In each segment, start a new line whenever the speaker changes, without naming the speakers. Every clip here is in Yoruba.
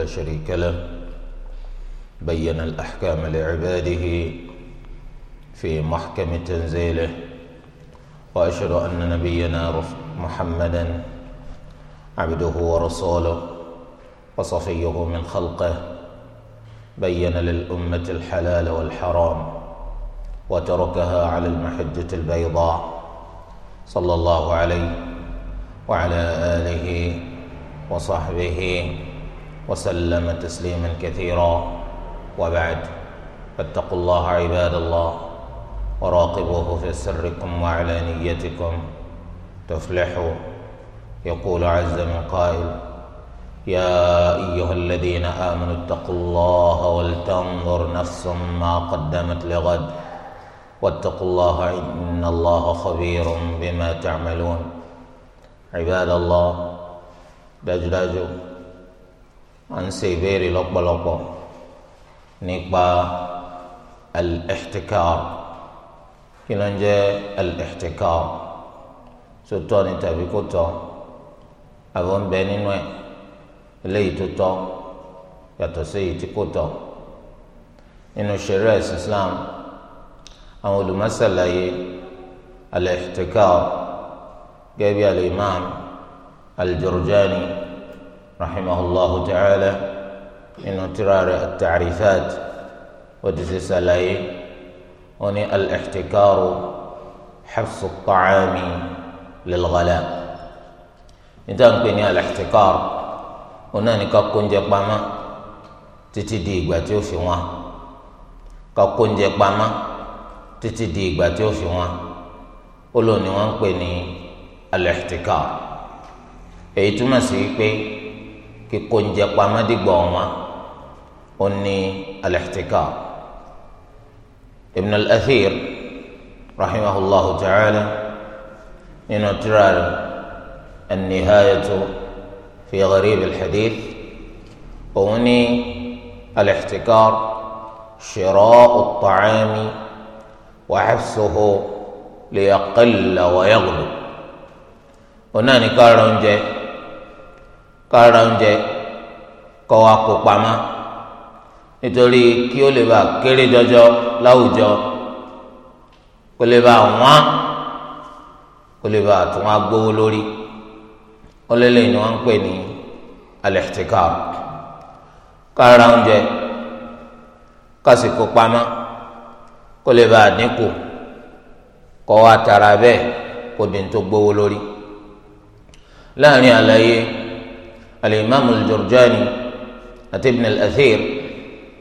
لا شريك له بين الأحكام لعباده في محكم تنزيله وأشهد أن نبينا محمدا عبده ورسوله وصفيه من خلقه بين للأمة الحلال والحرام وتركها على المحجة البيضاء صلى الله عليه وعلى آله وصحبه وسلم تسليما كثيرا وبعد فاتقوا الله عباد الله وراقبوه في سركم وعلانيتكم تفلحوا يقول عز من قائل يا ايها الذين امنوا اتقوا الله ولتنظر نفس ما قدمت لغد واتقوا الله ان الله خبير بما تعملون عباد الله دجداجوا à ń ṣe ìbéèrè lọ́pọ̀lọpọ̀ nípa al-ihtikar kí ló ń jẹ́ al-ihtikar tó tọ́ ni tàbí kò tọ́ àbọ̀ ń bẹ nínú ẹ̀ eléyìí tó tọ́ yàtọ̀ sí èyí tí kò tọ́ nínú ṣẹ̀ríà ẹ̀sìn Islam àwọn olùmọ̀sálàyé al-ihtikar gẹ́gẹ́ bí al-imam al-Jurjani. al al jurjani al rahimahullahu ta'ala inú tírà rẹ̀ at-ta'rifat ó ti ṣe ṣàlàyé ó ní al-ihtikaru hafsu ta'ami lil-ghala níta ń pè ní al-ihtikaru ó náà ní ká kóúnjẹ pamọ́ títí di ìgbà tí ó fi wọn ká kóúnjẹ pamọ́ títí di ìgbà tí ó fi wọn ó lò ní wọ́n ń pè ní al-ihtikar èyí túmọ̀ sí pé kíkó oúnjẹ pamọ́ dìgbà wọn ó ní al-ihtikar ibn al-athir rahimahullahu ta'ala nínú tírà rẹ̀ an-nihayatu fi gharib al-hadith òun ní al-ihtikar shira'u at-ta'ami wa wa yaghlu òun náà ní kára oúnjẹ kọ́ wa kó pamọ́ nítorí kí ó lè bá kéré jọjọ láwùjọ kó lè bá wọ́n kó lè bá tún wá gbówó lórí ó ń pè ní tara bẹ́ẹ̀ kó dín tó gbówó lórí alimami al-Jurjani àti ibn al-Athir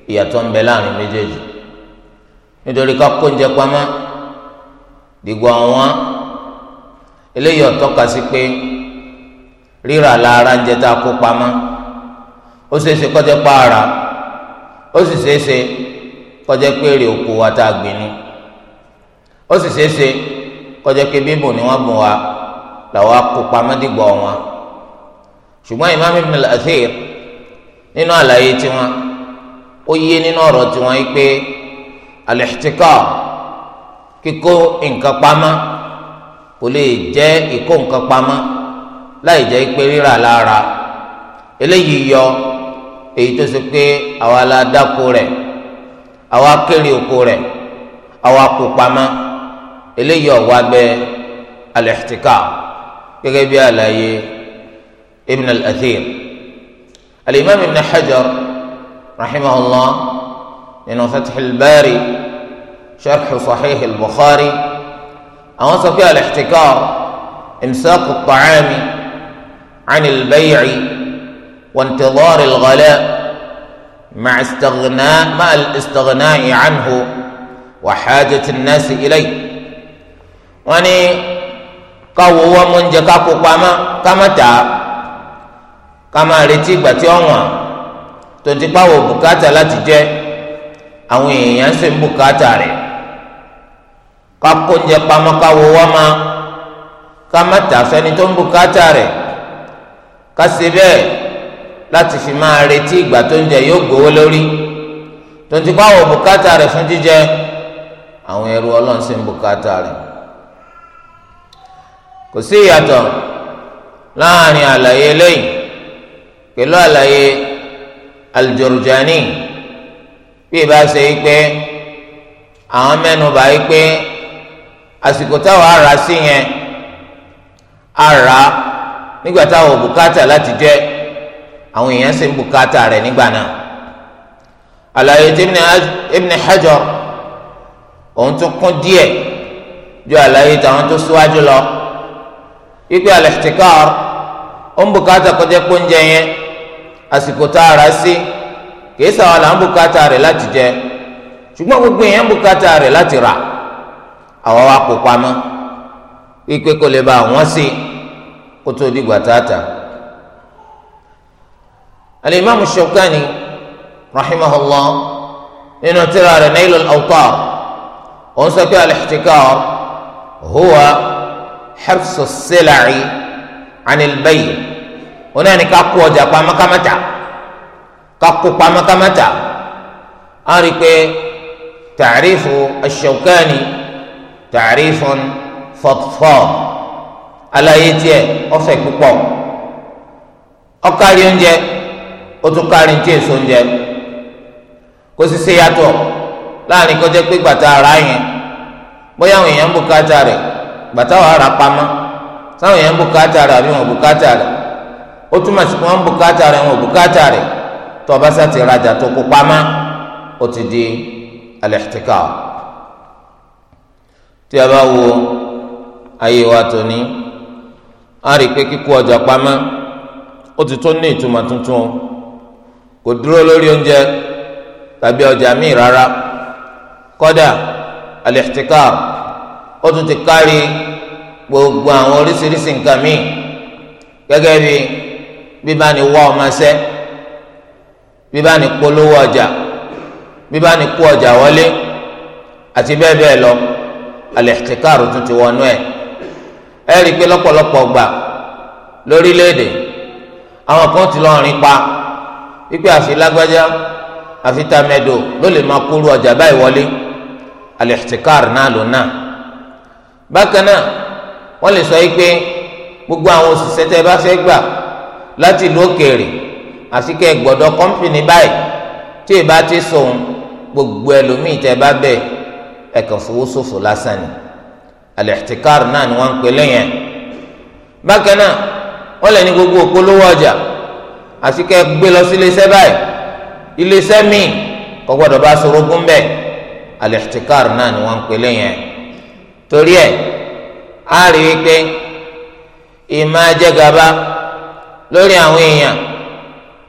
ìyàtọ̀ ń bẹ láàrin méjèèjì nítorí ká kó oúnjẹ pamọ́ dìgbò àwọn eléyìí ọ̀tọ́ka sí pé rírà lára ń jẹ tá a kó pamọ́ ó ṣeéṣe kọjá pààrà ó sì ṣeéṣe kọjá pé èrè wa tá a gbìn ni ó sì ṣeéṣe kọjá pé bíbùn ni wọ́n bùn wa làwọn akó pamọ́ dìgbò wọn ṣùgbọ́n imam ibn al-athir nínú àlàyé tiwọn ó yé nínú ọ̀rọ̀ tiwọn yìí pé al-ihtikar kíkó nǹkan pamọ́ kò lè jẹ́ ìkó nǹkan pamọ́ láì jẹ́ pé rírà lára eléyìí yọ èyí tó ṣe pé àwa la dáko rẹ̀ àwa kéré oko rẹ̀ àwa kó pamọ́ eléyìí ọ̀wá bẹ al gẹ́gẹ́ bí àlàyé. ابن الأثير الإمام ابن حجر رحمه الله إنه فتح الباري شرح صحيح البخاري أوصى فيها الاحتكار إمساك الطعام عن البيع وانتظار الغلاء مع استغناء مع الاستغناء عنه وحاجة الناس إليه وأني ní káwọ́ wọ́n mú oúnjẹ Kama máa retí ìgbà tí ọ̀wọ́n tó ti pàwọ̀ bùkátà láti jẹ́ àwọn èèyàn ṣe ń bùkátà rẹ̀ ká kó oúnjẹ pamọ́ ká wo wá máa ká má tà fẹ́ni tó ń bùkátà rẹ̀ ká ṣe láti fi máa retí ìgbà tó ń jẹ yóò gbowó lórí tó ti pàwọ̀ bùkátà fún jíjẹ àwọn ẹrú ọlọ́run ṣe ń bùkátà rẹ̀ kò sí ìyàtọ̀ láàrin àlàyé eléyìí pẹ̀lú àlàyé Al-Jurjani bí ìbá ṣe yí pé àwọn mẹ́nubà yí pé àsìkò táwọn ará sí yẹn ará nígbà táwọn ò bùkátà láti jẹ àwọn èèyàn sì ń bùkátà rẹ̀ nígbà náà àlàyé tí Ibn Hajar òun tún kún díẹ̀ ju àlàyé tàwọn tó síwájú lọ wípé al-ihtikar ó ń bùkátà kọjá pé yẹn àsìkò tá a rà sí kìí sàwọn là ń bùkátà rẹ̀ láti jẹ ṣùgbọ́n gbogbo èèyàn ń bùkátà rẹ̀ láti rà àwa wa kó pamọ́ wípé kò lè ba àwọn sí kó tó di gbàtàtà. alimami Shawkani rahimahullah nínú tírà rẹ̀ Nailul Awtar òun sọ pé al huwa habsu as-sil'i oní ẹni ká kó ọjà pamọ́ kámátà ká kó pamọ́ kámátà á rí i pé tàrífù aṣọkáni tàrífù fọtfọ àlàyé tiẹ̀ ọ̀fẹ́ púpọ̀ ọkárí oúnjẹ ó tún kárí ní tí èso oúnjẹ kò sì ṣe yàtọ̀ láàrin kọjá pé gbàtà ara yẹn bóyá àwọn èèyàn ń bùkátà rẹ̀ gbàtà wàá rà pamọ́ sáwọn èèyàn ń bùkátà rẹ̀ àbí wọn bùkátà rẹ̀ ó túmọ̀ sí pé wọ́n ń bùkátà rẹ̀ wọn ò bùkátà rẹ̀ tó o bá rajà tó kó pamá ó ti di al-ihtikar tí a bá wo ayé wa tó ní a rí i pé kíkó ọjà pamá ó ti tó ní ìtumọ̀ tuntun kò dúró lórí oúnjẹ tàbí ọjà míì rárá kódà al ó tún ti kárí gbogbo àwọn oríṣiríṣi nǹkan míì gẹ́gẹ́ bíi bíbá ni wá ọmọ sẹ́ bíbá ni polówó ọjà bíbá ni kó ọjà wọlé àti bẹ́ẹ̀ bẹ́ẹ̀ lọ alẹ́tìkárù tún ti wọnú ẹ̀ ẹ rí i pé lọ́pọ̀lọpọ̀ gbà lórílẹ̀‐èdè àwọn kan ti lọ́ọ́ rìn pa wípé àfi lágbájá àfi tamẹ́dò ló lè máa kúrú ọjà báyìí wọlé alẹ́tìkárù náà ló náà bákan náà wọ́n lè sọ yìí pé gbogbo àwọn òṣìṣẹ́ tẹ́ bá fẹ́ gbà láti ìlú òkèèrè àsìkẹ́ gbọ́dọ̀ kọ́mpìnì báyìí tí ì bá ti sòun gbogbo ẹlòmíì tẹ́ bá bẹ̀ ẹ̀ kàn fowó ṣòfò lásán ni al-ihtikar náà ni wọ́n ń pè lẹ́yìn bákan náà wọ́n lè ní gbogbo òpolówó ọjà àsìkẹ́ gbé lọ sí iléeṣẹ́ báyìí iléeṣẹ́ míì kò gbọ́dọ̀ bá sorogún bẹ́ẹ̀ al náà ni wọ́n ń pè lẹ́yìn torí ẹ̀ á rí i pé ìmáa jẹ lórí àwọn èèyàn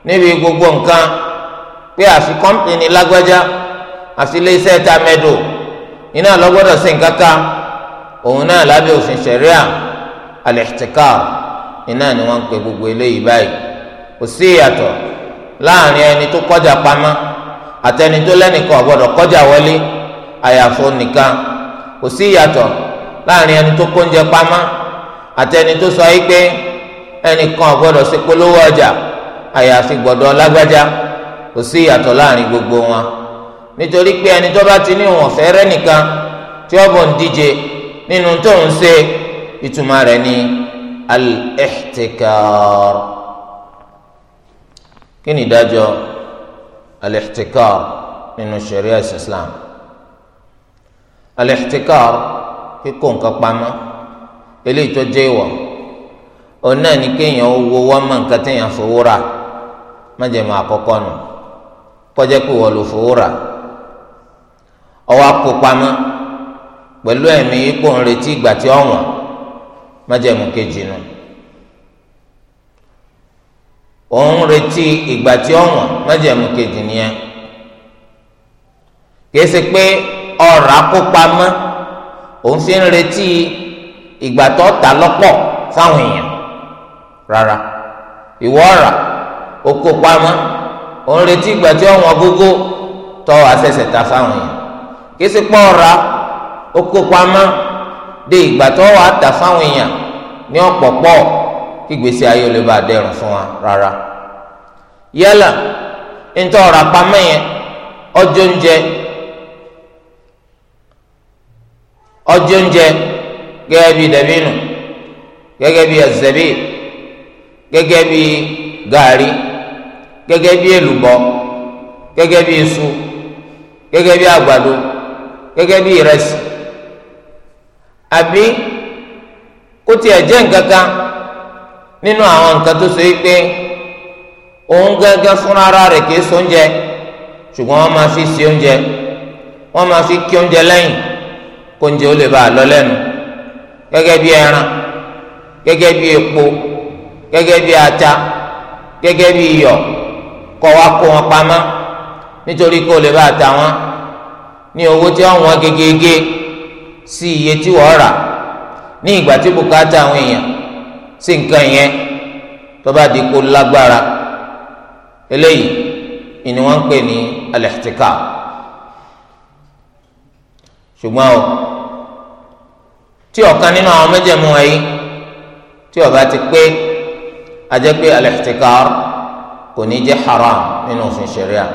níbi gbogbo nǹkan pé àfi kọ́mpìnì lágbájá àfi iléeṣẹ́ ta mẹ́dò iná lọ́gbọ́dọ̀ sí nǹkan òun náà lábẹ́ òfin ṣẹ̀ríà al iná ni wọ́n ń pe gbogbo eléyìí báyìí kò sí ìyàtọ̀ láàrin ẹni tó kọjá pamọ́ àtẹni tó lẹ́nìkan ọ̀gbọ́dọ̀ kọjá wọlé àyàfo nìkan kò sí ìyàtọ̀ láàrin ẹni tó kóúnjẹ pamọ́ àtẹni sọ ẹnìkan gbọ́dọ̀ ṣe polówó ọjà àyàfi gbọ́dọ̀ lágbájá kò sí ìyàtọ̀ láàrin gbogbo wọn nítorí pé ẹni tó bá ti ní òun ọ̀fẹ́ rẹ nìkan tí ọ̀bọ̀ ń díje nínú tó ń ṣe ìtumọ̀ rẹ̀ ní al kí ni ìdájọ́ al nínú sharia islam al kíkó nǹkan pamọ́ eléyìí tó jẹ́ ìwọ̀ ona náà ní kéèyàn owó wọ́n mọ̀ nǹkan téèyàn fowó rà májèmọ àkọ́kọ́ nù kọjá pé wọ́n lò fowó rà ọwọ́ kó pamọ́ pẹ̀lú ẹ̀mí ipò ń retí ìgbà tí ọ̀wọ́n májèmọ kejì nù òun retí ìgbà tí ọ̀wọ́n májèmọ kejì nìyẹn kìí pé ọ̀rà kó pamọ́ òun fi ń retí ìgbà tó ta lọ́pọ̀ fáwọn èèyàn rárá ìwọ ọ̀rà oko pamọ́ òun retí ìgbà tí ọ̀wọ́n gógó tọ́ àṣẹṣẹ̀ ta fáwọn èèyàn kí sì pọ̀ ọ̀rà oko pamọ́ de ìgbà tó wàá tà fáwọn èèyàn ní ọ̀pọ̀pọ̀ kí gbèsè ayé olè bá dẹrùn fún wa rárá yálà ntọ́ ọ̀rà pamọ́ yẹn ọjọ́ oúnjẹ ọjọ́ oúnjẹ gẹ́gẹ́ bí dàbínù gẹ́gẹ́ bí ẹ̀zẹ̀bí gẹ́gẹ́ bi gàrí gẹ́gẹ́ bi èlùbọ́ gẹ́gẹ́ bi iṣu gẹ́gẹ́ bi àgbàdo gẹ́gẹ́ bi ìrẹsì àbí kuti tiẹ̀ jẹ́ nǹkan kan nínú àwọn nǹkan tó so yìí pé òun gángan fúnra ara rẹ̀ kìí so oúnjẹ ṣùgbọ́n wọ́n máa fi ṣe oúnjẹ wọ́n máa fi kí oúnjẹ lẹ́yìn kó oúnjẹ ó lè bá a lọ lẹ́nu gẹ́gẹ́ ẹran gẹ́gẹ́ bí epo gẹ́gẹ́ bí ata gẹ́gẹ́ bí iyọ̀ kọ́ wa kó wọn pamọ́ nítorí kó lè bá ta wọn ní owó tí wọn gegege sí iye tí wọ́n rà ní ìgbà tí bùkátà àwọn èèyàn sí nǹkan yẹn tó bá di kó lágbára eléyìí ìní wọn ń pè ní alẹ́tíkà ṣùgbọ́n o tí ọ̀kan nínú àwọn méjèèmú wọ̀nyí tí ó ti pé ajẹ́pẹ́ al-ihtikar kò ní jẹ́ haram nínú òfin ṣẹ̀ríà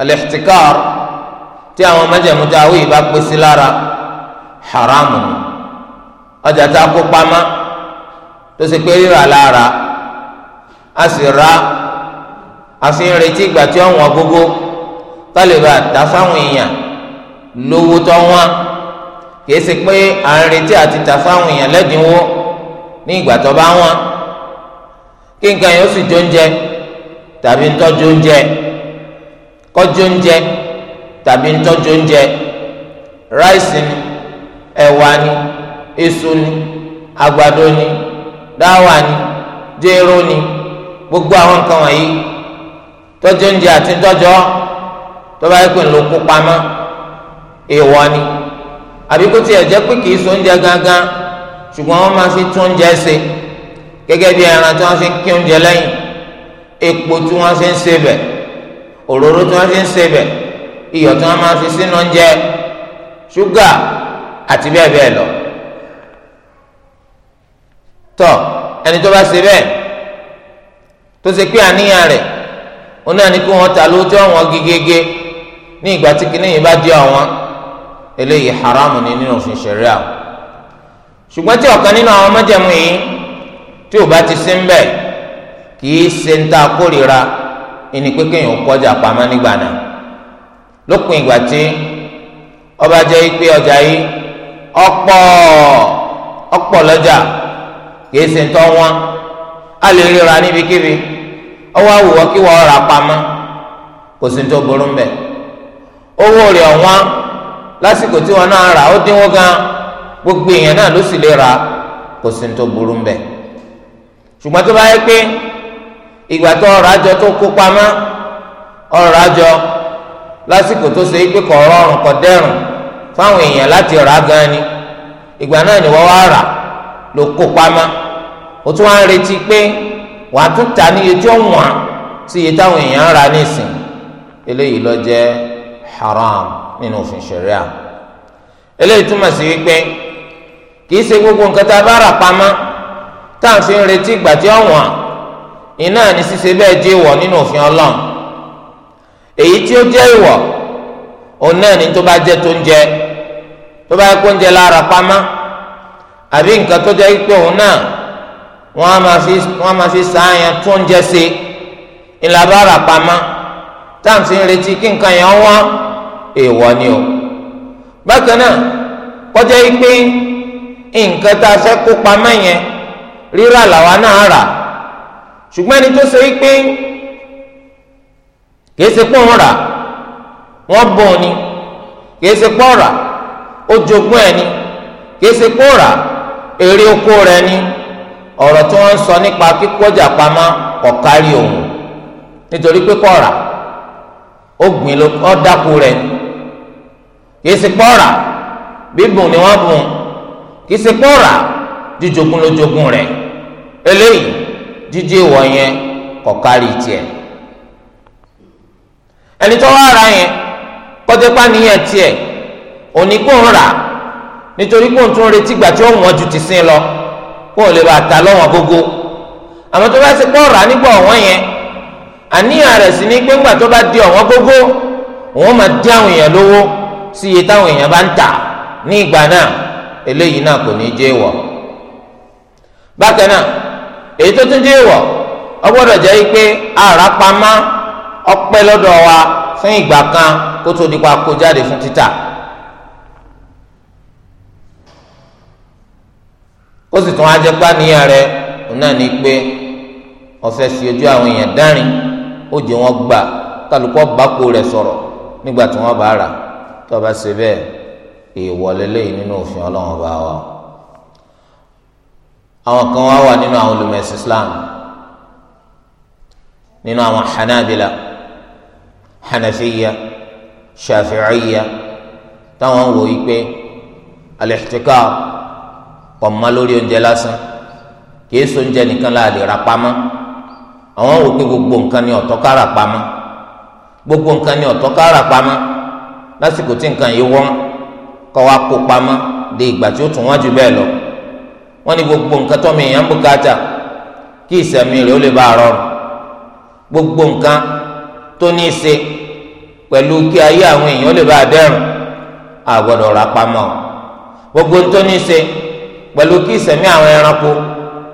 al-ihtikar tí àwọn májẹ̀mú tá a wí bá pé sí lára haram ni ọjà tá a kó pamọ́ tó ṣe pé rírà lára a sì ra a fi ń retí ìgbà tí ọ̀wọ́n gógó tálíbà dá fáwọn èèyàn lówó tó wọ́n kì í ṣe pé à ń retí àti tà fáwọn èèyàn lẹ́dínwó ní ìgbà tó bá wọ́n. kí nǹkan yẹn ó sì jó oúnjẹ tàbí ntọ́jú oúnjẹ kọjú oúnjẹ tàbí ntọ́jú oúnjẹ ráìsì ni ẹ̀wà ni èso ni àgbàdo ni dáwà ni jéró ni gbogbo àwọn nǹkan wọ̀nyí tọ́jú oúnjẹ àti ntọ́jọ́ tó bá yẹ pé ló kó pamọ́ èèwọ̀ ni àbí kó tiẹ̀ jẹ́ pé kì í so oúnjẹ gangan ṣùgbọ́n wọ́n máa fi tún oúnjẹ ṣe. gẹ́gẹ́ bí ẹran tí wọ́n fi ń kí oúnjẹ lẹ́yìn epo tí wọ́n fi ń ṣe bẹ̀ òróró tí wọ́n fi ń ṣe bẹ̀ iyọ̀ tí wọ́n máa fi sínú oúnjẹ ṣúgà àti bẹ́ẹ̀ bẹ́ẹ̀ lọ. tọ́ ẹni tó bá ṣe bẹ́ẹ̀ tó ṣe pé àníyàn rẹ̀ òun náà ní kí wọ́n ta lóòótọ́ wọn gégége ní ìgbà tí kìnìún bá di àwọn eléyìí haram ní nínú òfin ṣẹ̀ríà ṣùgbọ́n tí ọ̀kan nínú àwọn májẹ̀mú yìí tí o bá ti sí ń bẹ kì í ṣe ń ta kórìíra ẹni pé náà lópin ìgbà tí ọba jẹ́ ọjà yìí ọ̀pọ̀ ọ̀pọ̀ lọ́jà kì í ń wọn a lè ríra níbikíbi ọwọ́ àwòwọ́ kí wọ́n ra pamọ́ kò sí tó burú owó lásìkò tí wọn náà rà ó dínwó gan gbogbo èèyàn náà ló ṣùgbọ́n tó bá yẹ pé ìgbà tó ọrọ̀ àjọ tó kó pamọ́ ọrọ̀ àjọ lásìkò tó ṣe pé kọ̀ rọrùn kọ̀ dẹ́rùn fáwọn èèyàn láti rà gan ni ìgbà náà ni wọ́n wá rà ló kó pamọ́ ó tún wá ń retí pé wàá tún ta ní iye tí ó wọ̀n sí iye táwọn èèyàn ń ra nísìn eléyìí ló jẹ́ haram nínú òfin ṣẹ̀ríà eléyìí túmọ̀ sí wípé kì í ṣe gbogbo nǹkan tá a bá rà pamọ́ táà retí ìgbà ọ̀wọ́n iná ní ṣíṣe bẹ́ẹ̀ jẹ́ ìwọ̀ nínú òfin ọlọ́run èyí tí ó jẹ́ ìwọ̀ òun náà ni tó bá jẹ́ tó ń jẹ tó bá kó ń jẹ lára pamọ́ àbí nǹkan tó jẹ́ pé òun náà wọ́n á máa fi wọ́n á máa fi sàáyàn tó ń jẹ sí ìlàbára pamọ́ táà retí kí nǹkan yẹn wọ́n èèwọ̀ ni o bákan náà kọjá yìí pé nǹkan tá a fẹ́ kó pamọ́ yẹn rírà làwa náà rà ṣùgbọ́n ẹni tó ṣe é pé kìí ṣe pé òun rà wọ́n bọ̀ ni kìí ṣe pé ọ̀rà ó ẹ̀ ni kìí ṣe pé ọ̀rà èrè oko rẹ̀ ni ọ̀rọ̀ tí wọ́n ń sọ nípa kíkọ́jà pamọ́ kọ̀ kárí òun nítorí pé kọ̀ọ̀rà ó gbìn ló ó dáko rẹ̀ ni kìí ṣe pọ́ọ̀rà bíbùn ni wọ́n bùn kìí ṣe pọ́ọ̀rà jíjogún ló jogún rẹ̀ eléyìí jíjí ìwọ yẹn kò kárí tiẹ̀ ẹni tó wá ra yẹn kọ́tẹ́pá nìyẹn tiẹ̀ òní kò ń rà nítorí kò ń tún retí gbà tí ó wọ́n ju ti sin lọ kò lè bá ta lọ́wọ́n gógó àmọ́ tó bá ti pọ̀ rà nígbà ọ̀wọ́n yẹn àníyàn rẹ̀ sì ní pé ńgbà tó bá di ọ̀wọ́n gógó òun máa dí àwọn èèyàn lówó sí iye táwọn èèyàn bá ń tà ní ìgbà náà eléyìí náà kò ní í jẹ́ wọ̀ bákan náà èyí tó tún dé wọ̀ ọ gbọ́dọ̀ jẹ́ pé ara pamọ́ ọpẹ́ wa fún ìgbà kan kó tó di pa kó jáde fún títà. ó sì tún ajẹ́pá níyà rẹ̀ òun náà ní pé ọ̀fẹ́ sí ojú àwọn èèyàn dárin ó jẹ́ wọn gbà kálukọ́ bákò rẹ̀ sọ̀rọ̀ nígbà tí wọ́n bá rà tó bá ṣe bẹ́ẹ̀ èèwọ̀ lélẹ́yìn nínú òfin ọlọ́run bá wa àwọn kan wá wà nínú àwọn olùmẹ̀sìn Islam nínú àwọn Hanabila Hanafiya Shafi'iya táwọn wò yí pé al-ihtikar ọ̀ma lórí oúnjẹ lásán kìí so oúnjẹ nìkan láà lè ra pamọ́ àwọn wò pé gbogbo nǹkan ni ọ̀tọ́ kára pamọ́ gbogbo nǹkan ni ọ̀tọ́ kára pamọ́ lásìkò tí nǹkan yìí wọ́n kọ́ wa kó pamọ́ dé ìgbà tí ó tún wọ́n bẹ́ẹ̀ lọ wọ́n ní gbogbo nǹkan tó mi èèyàn bùkátà kí ìsẹ̀mí rẹ̀ ó lè bá a rọrùn gbogbo nǹkan tó ní í ṣe pẹ̀lú kí ayé àwọn èèyàn ó lè bá a dẹ́rùn a gbọ́dọ̀ rà pamọ́ gbogbo tó ní í ṣe pẹ̀lú kí ìsẹ̀mí àwọn ẹranko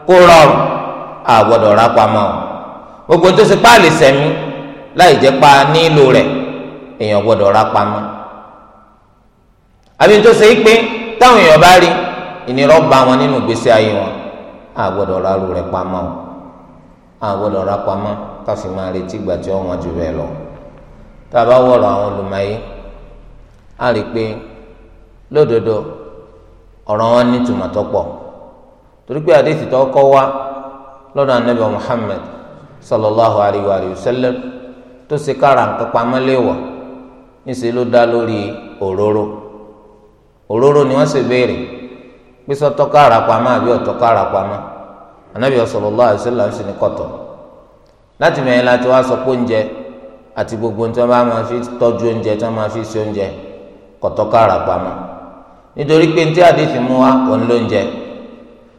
kó rọrùn a gbọ́dọ̀ rà gbogbo tó ṣe páàlì sẹ̀mí láì jẹ́ pa nílò rẹ̀ èèyàn gbọ́dọ̀ rà pamọ́ àbí tó ṣe é pé táwọn èèyàn bá rí i ìnira bá wọn nínú ìgbésí ayé wọn a gbọ́dọ̀ ra ru rẹ̀ pamọ́ a gbọ́dọ̀ ra pamọ́ káfí máa retí ìgbà tí wọn jù bẹ́ẹ̀ lọ tá a bá wọ̀rọ̀ àwọn olùmọ̀ye a rí i pé lódodo ọ̀rọ̀ wọn ní tùmọ̀ tó torí pé àdéhìí tó kọ́ wá lọ́dọ̀ anabi muhammed sallallahu alayhi wa sallam tó ṣe kára nǹkan pamọ́ léwọ̀ níṣẹ́ ló dá lórí òróró òróró ni wọ́n ṣe béèrè pé sọtọ́ka àràpamọ́ àbí ọ̀tọ́ka àràpamọ́ anabi sallallahu alaihi wasallam sì ní kọ̀tọ̀ láti mẹ́rin láti wá sọ pé oúnjẹ àti gbogbo tí wọ́n bá máa fi tọ́jú oúnjẹ tí wọ́n máa fi ṣe oúnjẹ kọ̀tọ́ka àràpamọ́ nítorí pé tí àdéhùn mú wa òun lóúnjẹ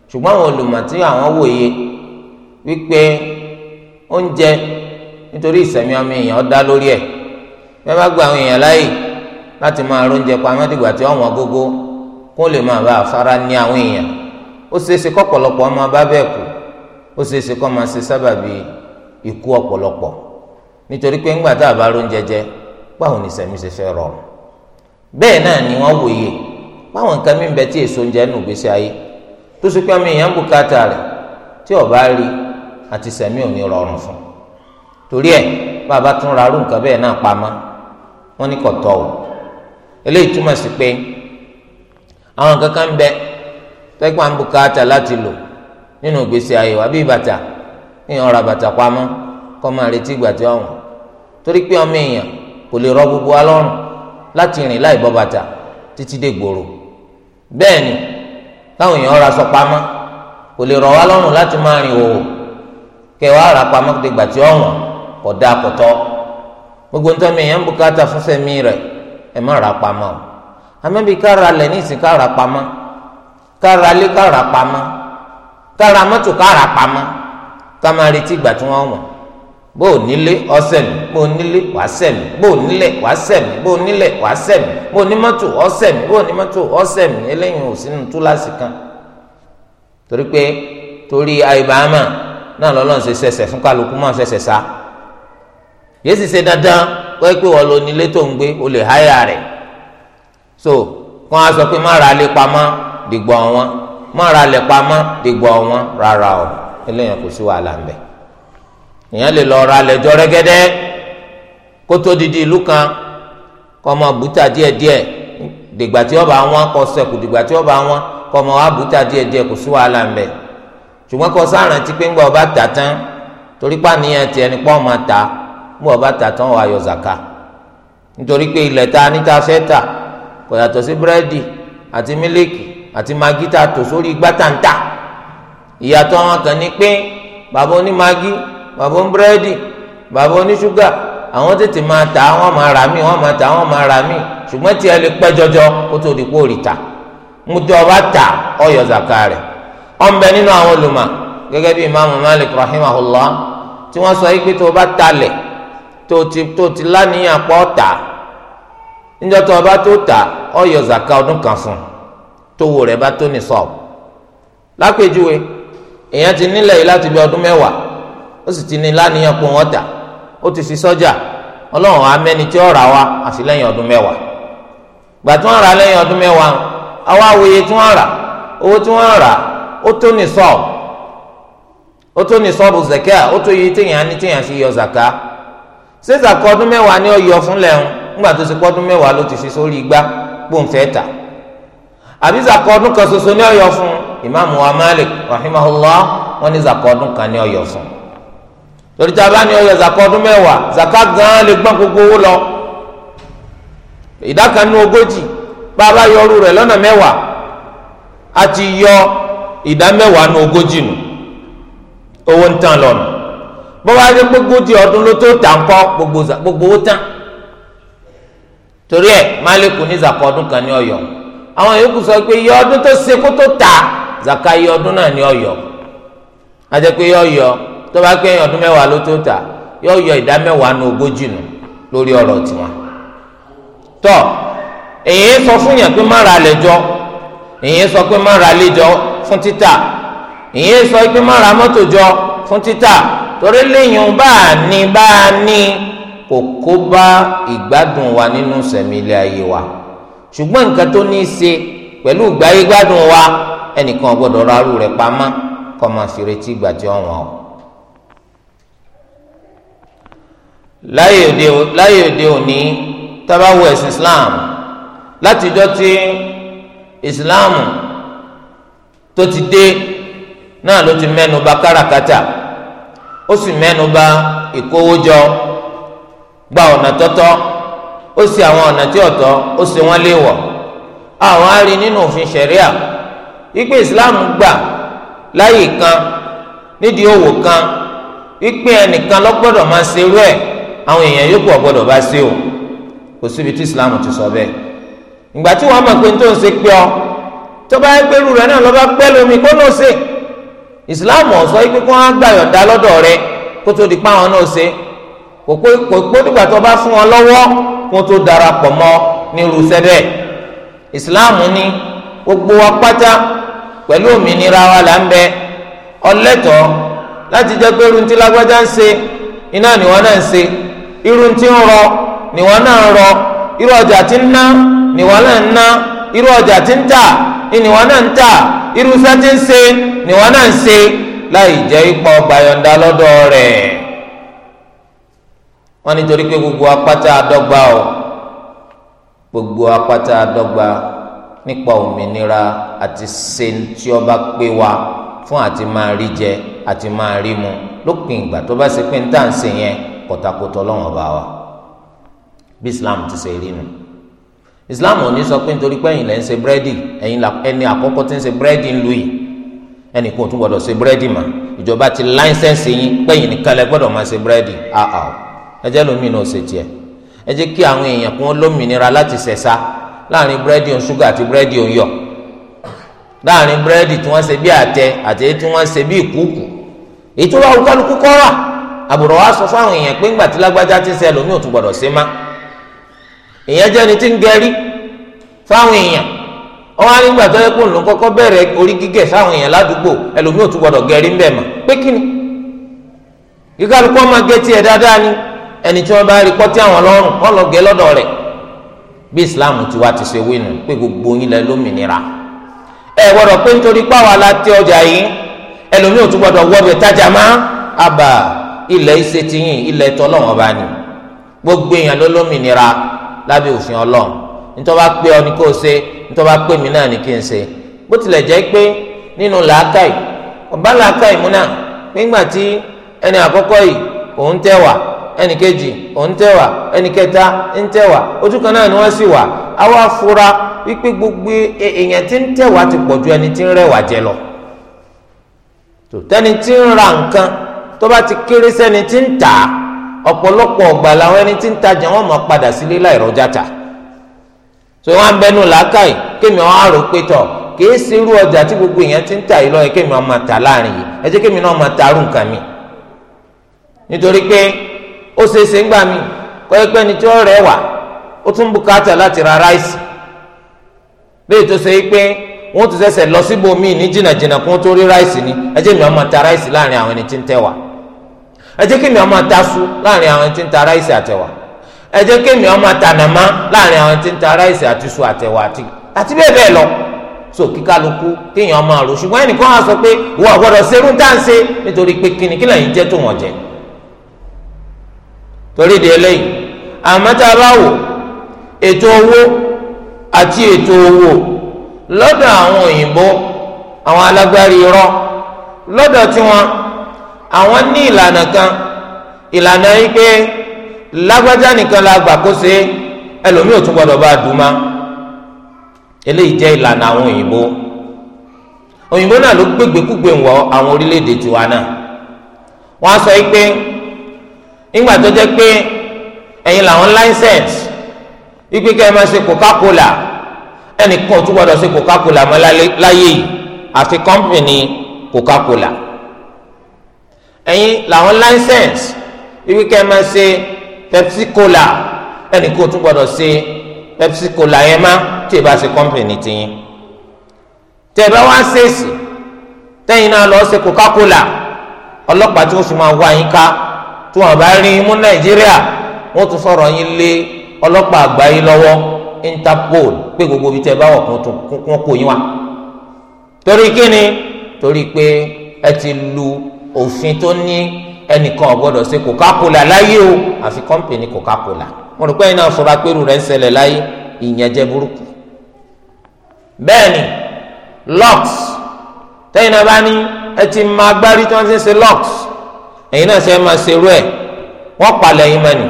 ṣùgbọ́n àwọn olùmọ̀ tí àwọn wòye wípé oúnjẹ nítorí ìsẹ̀mí ọmọ èèyàn ó dá lórí ẹ̀ bẹ́ẹ̀ bá gba àwọn èèyàn láàyè láti máa róúnjẹ pamọ́ dìgbà tí wọ́n gógó kó lè máa bá afárá ní àwọn èèyàn ó ṣeéṣe kọ́ ọmọ bá bẹ́ẹ̀ kú ó ṣeéṣe kọ́ máa ṣe sábàbí ikú ọ̀pọ̀lọpọ̀ nítorí pé ńgbà tá a bá rún jẹjẹ báwo ni sẹ̀mí ṣe fẹ́ rọrùn bẹ́ẹ̀ náà ni wọ́n wòye báwọn nǹkan mí bẹ tí èso ń nù gbèsè ayé tó pé ọmọ èèyàn bùkátà tí fún torí bàbá tún nǹkan náà ní o eléyìí àwọn kankan ń bẹ pẹ́pẹ́ à ń bùkátà láti lò nínú ìgbésí ayé wa bíi bàtà èèyàn ra bàtà pamọ́ kọ́ máa retí ìgbà tí ọ̀hún torí pé ọmọ èèyàn kò lè rọ gbogbo wa láti rìn láì bọ́ bàtà títí dé gbòòrò bẹ́ẹ̀ ni táwọn èèyàn ra sọ pamọ́ kò lè rọ wá lọ́rùn láti máa rìn òwò kẹwàá ra pamọ́ dìgbà tí ọ̀hún kọ̀ kọ̀tọ́ gbogbo ntọ́mi èèyàn fúnfẹ́ mi amẹ́bí kára lẹ̀ ní ìsìn kára pamọ́ kára lé kára pamọ́ kára mọ́tò kára pamọ́ ká máa retí ìgbà tí wọ́n wọ̀n bó o nílé ọsẹ̀mí bó o nílé wàá sẹ̀mí bó o nílẹ̀ wàá sẹ̀mí bó o nílẹ̀ wàá sẹ̀mí bó o ní mọ́tò ọsẹ̀mí bó o ní mọ́tò ọsẹ̀mí eléyìí ò sínú túláàsì kan torí pé torí àìbámà náà lọ́lọ́run ṣe ṣẹ̀ṣẹ̀ fún kálukú máa ṣẹ̀ṣẹ̀ sá yéé sì ṣe dandan wọ́n pé wọ́n lo onílé tó ń gbé o lè háyà rẹ̀ so wọn a sọ pé má ra lè pamọ́ dìgbò wọn má ra lè pamọ́ wọn rárá o eléyàn kò sí wàhálà ń bẹ èèyàn lè lọ ra lẹjọ rẹgẹdẹ kó tó didi ìlú kan kọ ọmọ bùtà dìgbà tí ọba wọn kọ sẹkù dìgbà ọba wọn kọ ọmọ wa kò sí wàhálà ń ọba tà tán torí pàníyàn tiẹ̀ ní pọ́n ta ńgbà ọba tà tán wà yọ nítorí pé ilẹ̀ ta kò yàtọ̀ sí búrẹ́dì àti mílíkì àti magi tá a tò sórí igbá ìyàtọ̀ wọn kàn ní pé bàbá oní magi bàbá oní búrẹ́dì bàbá oní ṣúgà àwọn tètè máa tà wọn máa rà mí wọn máa tà wọn máa rà mí ṣùgbọ́n tí ẹ lè pẹ́ jọjọ kó tó di kó rí ta mùtí ọba tà ọyọ zaka rẹ̀ ọ̀nbẹ nínú àwọn olùmọ̀ gẹ́gẹ́ bí imaamu malik rahimahullah tí wọ́n sọ yìí pé tó o bá talẹ̀ tó o ti lánìyàn pọ̀ tà níjọ́ tó o bá tó tà ọ yọ zaka ọdún kan fún tówó rẹ̀ bá tó ní sọ́ọ̀bù lápèjúwe èèyàn ti nílẹ̀ yìí láti bí ọdún mẹ́wàá ó sì ti ní láníyàn pé wọ́n tà ó ti sí sọ́jà ọlọ́run amẹ́ni tí ó rà wá àfi lẹ́yìn ọdún mẹ́wàá gbà tí wọ́n rà lẹ́yìn ọdún mẹ́wàá àwa awòye tí wọ́n rà owó tí wọ́n rà ó tó ní sọ́ọ̀bù ó tó ní sọ́ọ̀bù zakia ó tó yí téèyàn ní téèyàn fi yọ zaka ṣé zaka ọdún mẹ́wàá ni ó yọ fúnlẹ̀ ń nígbà tó ṣe pọ́dún mẹ́wàá ló ti ṣe sórí igbá gbóǹfẹ́ ta àbí zàkọ ọdún kan ṣoṣo ní ọyọ fún ìmáàmù wa Malik rahimahullah wọn ní zàkọ ọdún kan ní ọyọ fún torí tá a bá ní ọyọ zàkọ ọdún mẹ́wàá zàkà gan lè gbọ́n gbogbo owó lọ ìdá kan nínú ogójì bá a bá yọ ọrú lọ́nà mẹ́wàá a ti yọ ìdá mẹ́wàá nínú ogójì nù owó ń tán lọ́nà bọ́wá dé gbogbo di ọdún ló tó tà ń kọ́ gbogbo owó tán. torí ẹ máàlìkù ní zaka ọdún kan ní ọyọ àwọn yòókù sọ pé iye ọdún tó ṣe kó tó ta zaka iye ọdún náà ní ọyọ ajẹ pé yọyọ tó bá pé ọdún mẹ́wàá ló tó ta yọyọ ìdá mẹ́wàá nu ogójì nù lórí ọ̀rọ̀ tiwọn tọ èyí sọ fún yàn pé má ra lẹjọ èyí sọ pé má ra lẹjọ fún títà èyí sọ pé má ra mọ́tò jọ fún títà torí lẹ́yìn bá a ní bá a ní. kò kó bá ìgbádùn wa nínú sẹ̀mí ilé ayé wa ṣùgbọ́n nǹkan tó ní í ṣe pẹ̀lú ìgbáyé gbádùn wa ẹnìkan gbọ́dọ̀ rárú rẹ̀ pamọ́ kó máa fi retí ìgbà tí ọ̀wọ́n o. láyé òde òní tábàwọ̀ ẹ̀sìn Islam látijọ́ tí Islam tó ti dé náà ló ti mẹ́nu bà káràkátà ó sì mẹ́nu bà ìkówójọ. E gba ọ̀nà tọ́tọ́ ó sì àwọn ọ̀nà tí ọ̀tọ́ ó sì wọ́n léèwọ̀ àwọn á nínú òfin ṣẹ̀ríà wípé islam gbà láyè kan nídìí òwò kan wípé ẹnìkan ló máa ṣe irú ẹ̀ àwọn èèyàn yóò pọ̀ gbọ́dọ̀ bá ṣe o kò síbi tí islam ti sọ bẹ́ẹ̀ ìgbà tí wọ́n mọ̀ pé tó ń ṣe pé ọ tó bá yẹ pé irú náà pẹ́ lómi kó ló ṣe islam sọ kó kò pé kò pé dìgbà tó bá fún ọ lọ́wọ́ kó tó darapọ̀ mọ́ ní irúṣẹ́ bẹ́ẹ̀ ìsìláàmù ni gbogbo wa pátá pẹ̀lú òmìnira wa là ń bẹ ọlẹ́tọ̀ọ́ láti jẹ́ pé irun tí lágbájá ń ṣe iná ni wọ́n náà ń ṣe irun tí ń rọ ni wọ́n náà ń rọ irú ọjà tí ń ná ni wọ́n náà ń ná irú ọjà tí ń tà ni wọ́n náà ń tà irú tí ń ṣe ni wọ́n náà ń ṣe láì jẹ́ ipò ọgbà yọ̀ǹda lọ́dọ̀ rẹ̀ wọn nítorí pé gbogbo apáta àdọ́gba o gbogbo apáta àdọ́gba nípa òmìnira àti sentí ọba pé wa fún àti máa rí jẹ àti máa rí mu lópin ìgbà tó bá ṣe pé níta ń ṣe yẹn kọtakọtọ lọ́wọ́n bá wa bí Islam ti ṣe rí nu Islam ò ní sọ pé nítorí pé ẹ̀yin lẹ́ ń ṣe búrẹ́dì ẹ̀yin ẹni àkọ́kọ́ tí ń ṣe búrẹ́dì ń lu yìí ẹnì kò tún gbọdọ̀ ṣe búrẹ́dì mà ìjọba ti láńsẹ̀nsì yín pé nìkan lẹ gbọdọ̀ máa ṣe búrẹ́dì àà ah, o. Ah ẹjẹ́ lómìnira ò ṣe tiẹ̀ ẹ jẹ́ kí àwọn èèyàn kún lómìnira láti ṣẹ̀ṣà láàrin búrẹ́dì òun ṣúgà àti búrẹ́dì òun yọ̀ láàrin búrẹ́dì tí wọ́n ṣe bí àtẹ àti tí wọ́n ṣe bí ìkúùkù ètò àwùkálukú kọ́ wà àbùrọ̀ wa sọ fáwọn èèyàn pé ńgbà tí lágbájá ti ṣe ẹlòmíì ò tún gbọdọ̀ ṣe má èèyàn jẹ́ ni tí ń gẹrí fáwọn èèyàn ọwọ́ á nígbà tó yẹ kó lòun kọ́kọ́ bẹ̀rẹ̀ orí gígẹ̀ fáwọn èèyàn ládùúgbò ẹlòmíì tún gbọdọ̀ gẹrí ńbẹ̀ mọ́ pé kíni kíkálukú ọmọ gẹ́tì ẹ̀ dáadáa ni ẹni tí wọ́n bá rí pọ́tí àwọn lọ gẹ lọ́dọ̀ rẹ bí islam ti wá ti ṣe winu pé gbogbo yín lẹ lómìnira ẹ gbọ́dọ̀ pé nítorí páwa la ọjà yìí ẹlòmíì ò tún gbọ́dọ̀ wọbẹ tájà má àbà ilẹ̀ ìṣe ti yìn ilẹ̀ tọ́ lọ́wọ́n bá ní gbogbo lómìnira òfin ọlọ́run nítorí bá pé ọ ní o ṣe bá pè mí náà ní kí n ṣe bó tilẹ̀ pé nínú làákàyè ọ̀bá làákàyè nígbà ẹni àkọ́kọ́ ẹnìkejì òun tẹwà ẹnìkẹta ń tẹwà ojú kan náà ni wọ́n sì wà wá fura wípé gbogbo èèyàn tí ń tẹwà ti pọ̀ ju ẹni tí rẹwà jẹ lọ tẹni tí ń ra nǹkan tó bá ti kéré sẹ́ni tí ń tà ọ̀pọ̀lọpọ̀ ọ̀gbà làwọn ẹni tí ń tajà padà sílé tà tó bẹnu làákàyè kémi gbogbo èèyàn ti ń tà yìí lọ́yẹ̀ kémi máa tà láàrin yìí ẹ jẹ́ kémi náà máa tà nǹkan mi nítorí ó ṣe é ṣe ń gbà mí pẹ́ẹ́pẹ́ ni tí ó rẹwà ó tún bùkátà láti ra ráìsì léyìí tó ṣe é pé wọ́n ṣẹ̀ṣẹ̀ lọ síbò míì ní jìnnàjìnnà kó tó ni ẹ jẹ́ mi ọmọ ta ráìsì láàrin àwọn ẹni tí ń ẹ jẹ́ kí mi ọmọ ta su láàrin àwọn ẹni tí ń ta ráìsì àtẹ̀wà ẹ mi ọmọ ta nàmá láàrin àwọn ẹni tí ń ta ráìsì àti su àtẹ̀wà àti bẹ́ẹ̀ bẹ́ẹ̀ so kika torí di eléyìí àmọ́ tá a bá wò ètò owó àti ètò owó lọ́dọ̀ àwọn òyìnbó àwọn alágbárí irọ́ lọ́dọ̀ tiwọn àwọn ní ìlànà kan ìlànà yìí pé lágbájá nìkan la gbà kó ṣe ẹlòmíì ò tún gbọdọ̀ bá a dùn má eléyìí jẹ́ ìlànà àwọn òyìnbó òyìnbó náà ló gbégbé kúgbé wọ àwọn orílẹ̀-èdè tiwa náà wọ́n á sọ yìí pé ìgbà tó jẹ́ pé ẹ̀yin làwọn license ipe kẹ́ ẹ máa ṣe coca-cola ẹnìkan ò tún gbọdọ̀ ṣe coca-cola mọ́ láyé yìí àfi company coca-cola ẹ̀yin làwọn license ipe kẹ́ ẹ máa ṣe pepsi-cola ẹnìkan ò tún gbọdọ̀ ṣe pepsi-cola yẹn má tí ì bá ṣe company tiyín tẹ̀ bá wá ṣèṣì tẹ́yìn náà lọ́ọ́ ṣe coca-cola ọlọ́pàá tí wọ́n fi máa wá yín ká tí wọn bá rí mú nàìjíríà wọn tún sọ̀rọ̀ yín lé ọlọ́pàá àgbáyé lọ́wọ́ interpol pé gbogbo ibi tẹ́ bá wọ kún kó yín wá torí kíni torí pé ẹ ti lu òfin tó ní ẹnìkan ọgbọ́dọ̀ ṣe coca-cola láyé o àfi kọ́ńpìnì coca-cola mo rò pé ẹ̀yin náà sọra pé irú rẹ̀ ń ṣẹlẹ̀ láyé ìyẹn jẹ́ burúkú bẹ́ẹ̀ lux tẹ́yìn náà bá ní ẹ ti máa gbárí tí wọ́n ti ń ṣe lux ẹ̀yin náà ṣe máa ṣerú ẹ̀ wọ́n palẹ̀ ẹ̀yin mọ́ni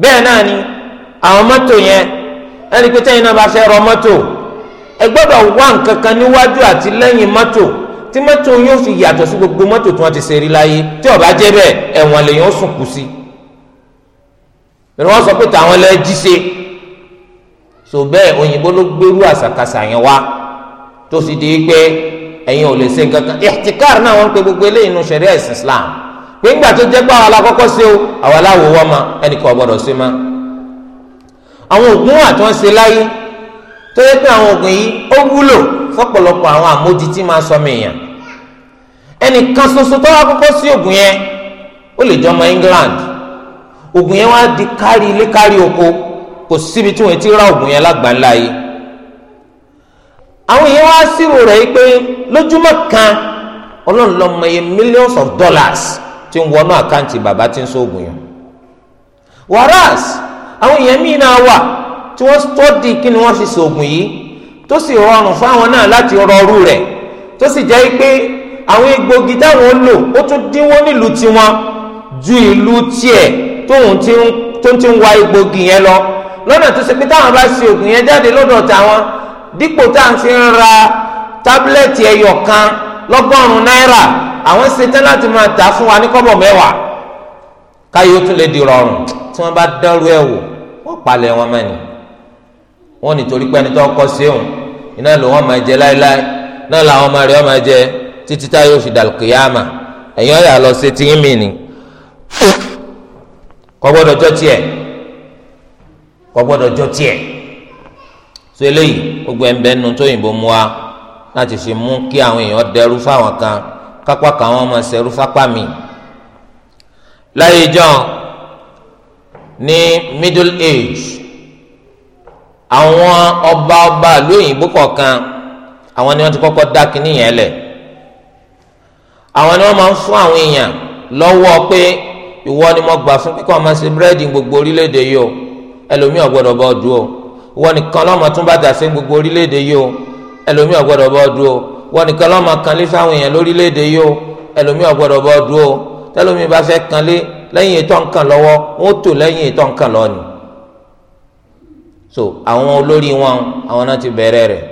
bẹ́ẹ̀ náà ni àwọn mọ́tò yẹn ẹni pé tẹ́yìn náà bá fẹ́ rọ mọ́tò ẹ gbọ́dọ̀ wá nǹkan kan níwájú àti lẹ́yìn mọ́tò tí mọ́tò yóò fi yàtọ̀ sí gbogbo mọ́tò tí wọ́n ti ṣe rí láyé tí ó bá jẹ́ bẹ́ẹ̀ ẹ̀wọ̀n lèyàn ó sùn kù sí ìrìn wọn sọ pé tàwọn lẹ jí ṣe so bẹ́ẹ̀ òyìnbó ló gbérú àṣàkáṣà yẹn wá tó sì di pé ẹ̀yin ò lè ṣe nǹkan kan ihtikar náà wọ́n ń pe gbogbo eléyìí nu sẹ̀ríà ẹ̀sìn Islam pé ńgbà tó jẹ́ pé àwọn alákọ́kọ́ ṣe o àwọn aláwo wọ́n ma ẹnìkan ọ̀gbọ́dọ̀ ṣe ma. àwọn oògùn wà tí wọ́n ṣe láyé tó yẹ pé àwọn oògùn yìí ó wúlò fọ́pọ̀lọpọ̀ àwọn àmójì máa sọ mí yàn ẹnìkan ṣoṣo tó wá kọ́kọ́ sí oògùn yẹn ó lè jọ England oògùn yẹn wá di kárí ilé kárí oko kò síbi tí wọ́n ti ra oògùn yẹn lágbàńlá yìí àwọn èèyàn wá sírò rẹ̀ pé lójúmọ́ kan ọlọ́run lọ mọ iye millions of dollars tí ń wọnú àkáǹtì bàbá tí ń sóògùn yẹn whereas àwọn èèyàn míì náà wà tí wọ́n tọ́dí kí ni wọ́n fi sóògùn yìí tó sì rọrùn fáwọn náà láti rọrú rẹ̀ tó sì jẹ́ pé àwọn egbògi táwọn lò ó tún dínwó nílùú tiwọn ju ìlú tiẹ̀ tóun ti ń wa egbògi yẹn lọ lọ́nà tó ṣe pé táwọn bá ṣe ògùn yẹn jáde lọ́dọ̀ tàwọn dípò tá à ń fi ra tábìlẹ̀tì ẹyọ kan lọ́gọ́rùn-ún náírà àwọn ṣetán láti máa tà fún wa ní kọ́bọ̀ mẹ́wàá káyé ó tún lè di rọrùn tí wọ́n bá dánrú ẹ̀ wò wọ́n palẹ̀ wọn mẹ́ni wọ́n nítorí pé ẹni tó kọ́ sí òun iná ló wọ́n máa jẹ láéláé náà làwọn ọmọ rẹ̀ wọ́n máa jẹ títí táyé ó fi dàlùkìyàmà ẹ̀yin ọ̀yà lọ sí ti ń mì ni kọ́ jọ́ tiẹ̀ kọ́ jọ́ tiẹ̀ so eléyìí gbogbo ẹnbẹ́nu tó yìnbó mu wa láti fi mú kí àwọn èèyàn dẹrú fáwọn kan kápá kan wọn máa ṣẹrú fápá mi. láyé john ní middle age àwọn ọba ọba lóyìnbó kọ̀ọ̀kan àwọn ni wọ́n ti kọ́kọ́ dá kínní yẹn lẹ̀ àwọn ni wọ́n máa ń fún àwọn èèyàn lọ́wọ́ pé ìwọ ni mo gbà fún kíkọ́ ọmọ sí búrẹ́dì gbogbo orílẹ̀-èdè yìí o ẹlòmíì ò bọ́ ọdún o wọ́n nìkan lọ́mọ tún bá dà sí gbogbo orílẹ̀-èdè yìí o ẹlòmí ọ̀gbọ́dọ̀ bọ́ dúró wọ́n nìkan lọ́mọ kanlé fáwọn èèyàn lórílẹ̀-èdè yìí o ẹlòmí ọ̀gbọ́dọ̀ bọ́ dúró tẹlómi bá fẹ́ kanlé lẹ́yìn ètò nǹkan lọ́wọ́ wọ́n tò lẹ́yìn ètò nǹkan lọ́ ni so àwọn olórí wọn àwọn náà ti bẹ̀rẹ̀ rẹ̀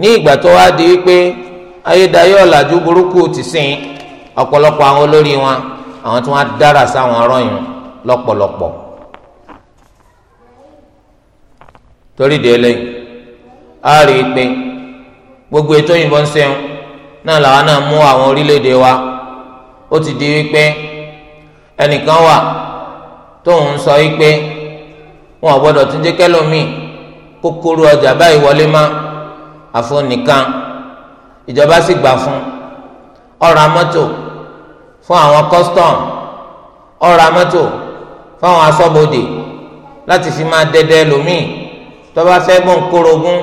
ní ìgbà tó wá di wípé ayédayé ọ̀làjú burúkú ti sìn ọ̀pọ̀lọpọ̀ àwọn olórí wọn àwọn tí wọ́n á dára sáwọn arọ́yìn torí di eléyìí a rí i pé gbogbo ètò òyìnbó ń sẹ́wọ̀n náà làwọn náà mú àwọn orílẹ̀-èdè wa ó ti di wípé ẹnìkan wà tóun sọ wípé wọn ò gbọdọ̀ tún jẹ́ kẹ́lòmíì kókóró ọjà báyìí wọlé má àfonìkan ìjọba sì gbà fún ọ̀rọ̀ amọ́tò fún àwọn custom ọ̀rọ̀ amọ́tò fún àwọn asọ́bodè láti fi máa dẹ́dẹ́ lòmíì tọ́ba fẹ́ gbọ́n kórogún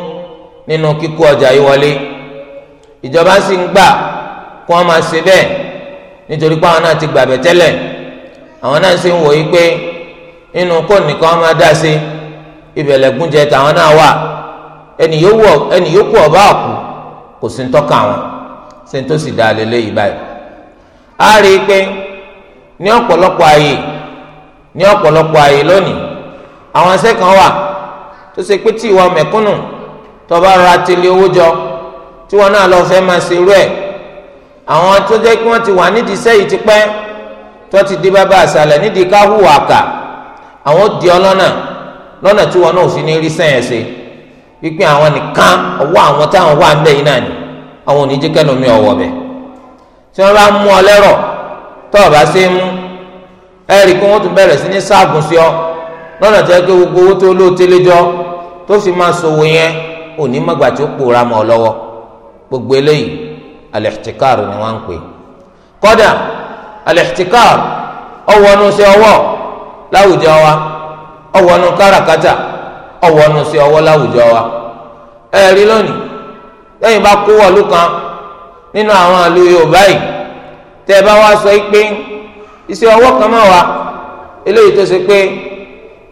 nínú kíkó ọjà yìí wọlé ìjọba sì ń gbà kó wọ́n máa ṣe bẹ́ẹ̀ nítorí pé àwọn náà ti gbàgbẹ́ tẹ́lẹ̀ àwọn náà sì ń wòye pé nínú kó nìkan wọ́n máa dá sí ìbẹ̀lẹ̀ gúnjẹ tàwọn náà wà ẹnì yóò kú ọba àkú kò sí ń tọ́ka wọn ṣe ń tó sì dá lélẹ́ yìí báyìí. a rí i pé ní ọ̀pọ̀lọpọ̀ ààyè ní ọ̀pọ̀lọpọ̀ ààyè lónìí àwọn iṣẹ́ wà tó ṣe pé tí ìwà mẹ̀kúnnù tó bá ra tẹ̀lé owó jọ tí wọn náà lọ fẹ́ máa ṣe irú ẹ̀ àwọn tó jẹ́ pé wọ́n ti wà nídìí sẹ́yìn ti tó ti di bàbá àṣàlẹ̀ nídìí ká hùwà àkà àwọn di ọ lọ́nà lọ́nà tí wọn náà fi ní rí sẹ́yìn ṣe pípín àwọn nìkan ọwọ́ àwọn táwọn wà ń yìí náà ni àwọn oníjẹ́kẹ́lómi ọ̀wọ́ bẹ̀ tí wọ́n bá mú ọ lẹ́rọ̀ tó o bá ṣe é mú ẹ̀rí kí wọ́n tún bẹ̀rẹ̀ sí ní sáàgùn sí ọ lọ́nà tó yẹ pé gbogbo owó tó lò tẹ́lẹ́jọ́ tó fi máa yẹn òní tó lọ́wọ́ gbogbo eléyìí al ni wọ́n ń pè kọ́dà al-ihtikar ọwọ́ láwùjọ wa ọ̀wọ́nu ọwọ́ wa lónìí lẹ́yìn bá kó wọ̀lú kan nínú àwọn àlù Yorùbá yìí tẹ́ sọ pé iṣẹ́ ọwọ́ kan eléyìí tó ṣe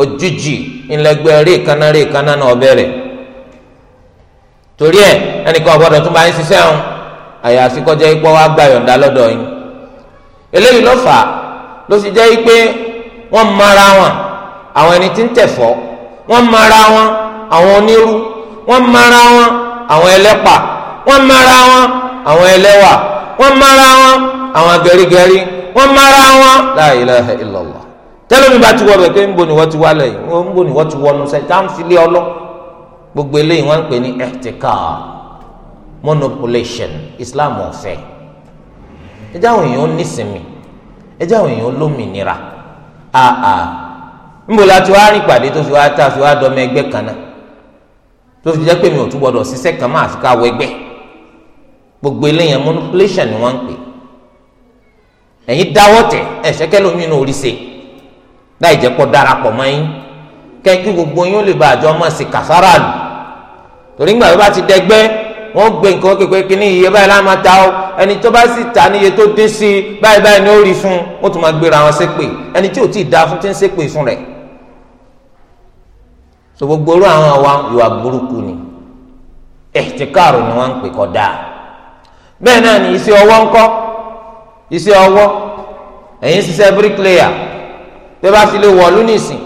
òjijì ńlẹgbẹ réèkánná réèkánná náà bẹ̀rẹ̀ torí ẹ ẹnìkan ọgbọ́dọ̀ tún bá ń ṣiṣẹ́ ọhún àyàfi kọjá ipò wa gba yọ̀ǹda lọ́dọ̀ yín eléyìí ló fà á ló sì jẹ́ pé wọ́n mara wọn àwọn ẹni tí ń tẹ̀fọ́ wọ́n mara wọn àwọn onírú wọ́n mara wọn àwọn ẹlẹ́pà wọ́n mara wọn àwọn ẹlẹ́wà wọ́n mara wọn àwọn gẹ̀rígẹ̀rí wọ́n mara wọn la ilaha illallah tẹlifí bá ti wọ bẹ pé ń bo ni wọ́n ti yìí ń ti gbogbo eléyìí wọn ń pè ní monopolation Islam ọ̀fẹ́ ẹjẹ́ àwọn èèyàn nísìmì ẹjẹ́ àwọn èèyàn lómìnira àà ń wá tó fi a fi wá kan náà tó fi pé mi ò tún kan máa fi ká wọ gbogbo eléyìí monopolation ni ń pè láì jẹ́ kó darapọ̀ mọ́ yín kẹ́kí gbogbo yín ó lè bá àjọ ọmọ sí kàfárà lù torí ńgbà tó bá ti dẹgbẹ́ wọ́n gbé nǹkan kékeré kíní iye báyìí láwọn máa ta ọ́ ẹni tó bá sì ta níye tó dín sí i báyìí báyìí ni ó rí fún wọ́n tún máa gbéra wọn ṣépè ẹni tí ò tí ì da fún ti ń ṣépè fún rẹ̀ so gbogbo orú àwọn àwa ìwà burúkú ni ẹ̀tìkáàrò ni wọ́n ń pè kọ́ bẹ́ẹ̀ náà ni iṣẹ́ ọwọ́ ńkọ́ iṣẹ́ ọwọ́ ẹ̀yin ṣiṣẹ́ bíríkìlẹ́yà tẹ́ bá fi lè wọ̀lú nìsín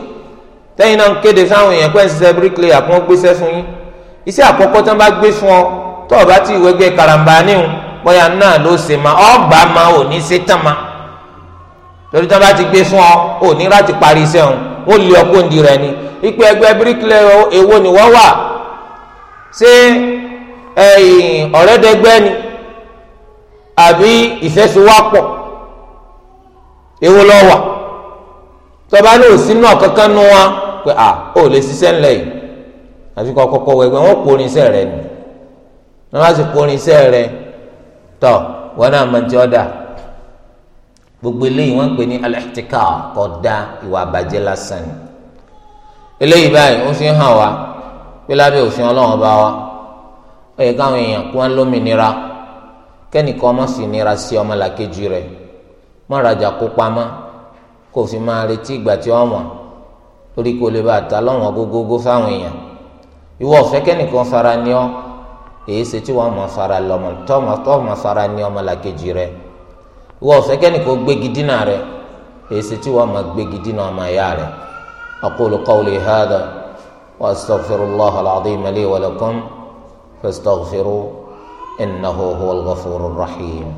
tẹ́yìn náà ń kéde sáwọn èèyàn pẹ́ ń ṣiṣẹ́ bíríkìlẹ̀ àpọ́n gbéṣẹ́ fún yín iṣẹ́ àkọ́kọ́ tán bá gbé fún ọ tó o bá ti wẹgbẹ́ karamba níhun bóyá náà ló ṣe ma ọgbà ma ò ní ṣe tán ma torí tán bá ti gbé fún ọ ò ní láti parí iṣẹ́ òun wọ́n lé ọkọ́ òǹdí rẹ ni ipò ẹgbẹ́ bíríkìlẹ̀ èwo ni wọ́n wà ṣé ọ̀rẹ́dẹgbẹ́ ni àbí ìfẹ́sowápọ̀ èwo ló tọba ní òsínú ọ̀kankan nu wọn pé à ó lè ṣiṣẹ́ ńlẹ̀ yìí àfi kọ́ kọ́kọ́ wọ ẹgbẹ́ wọn kórin iṣẹ́ rẹ ni wọn bá sì kórin iṣẹ́ rẹ tọ wọn náà mọ ti ọ̀dà gbogbo eléyìí wọn ń pè ní alẹ́tíkà kọ́dá ìwà àbàjẹ́ lásán ni eléyìí báyìí ó fi hàn wá pé lábẹ́ òfin ọlọ́run bá wa ó káwọn èèyàn kú wọn lómìnira kẹ́nìkan ọmọ sì nira sí ọmọlàkejì rẹ̀ mọ́rajà kó pamọ́ kò fi máa retí ìgbà tí wọ́n wọ̀n torí kò lè bá ta lọ́wọ́n gógógó fáwọn èèyàn ìwọ ọ̀fẹ́ kẹ́nìkan fara ni ọ́ èyí ṣe tí wọ́n mọ̀ fara lọ́mọ tọ́mọ tọ́mọ fara ni ọmọ làkejì rẹ ìwọ ọ̀fẹ́ kẹ́nìkan gbégi dínà rẹ èyí ṣe tí wọ́n mọ̀ gbégi dínà ọmọ ìyá rẹ aqulu qawli hadha wa astaghfirullaha al-azim li wa lakum fastaghfiru rahim.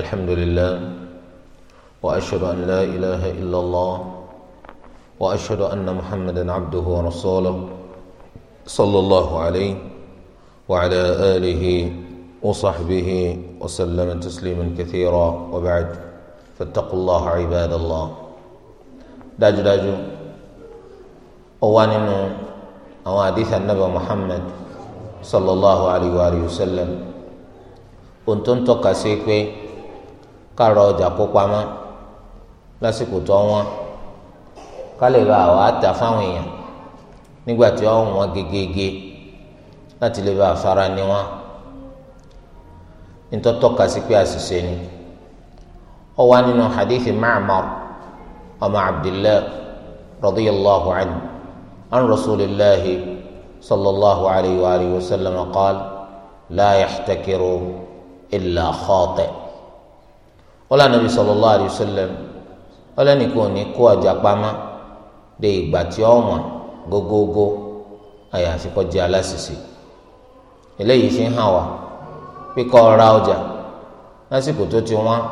الحمد لله وأشهد أن لا إله إلا الله وأشهد أن محمدا عبده ورسوله صلى الله عليه وعلى آله وصحبه وسلم تسليما كثيرا وبعد فاتقوا الله عباد الله داج داج أوان أواديث النبي محمد صلى الله عليه وآله وسلم أنتم تقاسيكم kárọ ọjà kó pamọ́ lásìkò tó wọn ká lè bá àwọn àtà fáwọn èèyàn nígbà tí wọn wọn gegege láti lè bá afárá ni wọn nítòtọ́ka sí pé àṣìṣe ni ó wá nínú hadithi Ma'mar ọmọ Abdillah radiyallahu anhu an rasulillahi sallallahu alayhi wa sallam qaal la yaxtakiru illa khati' wọ́n lànà bí sallallahu alayhi wa sallam wọ́n lẹ́nu kò ní kó ọjà pamọ́ de ìgbà tí ó wọ̀n gógógó àyàfi kó jẹ́ aláṣìṣe eléyìí fi hàn wá pé kó ra ọjà lásìkò tó ti wọ́n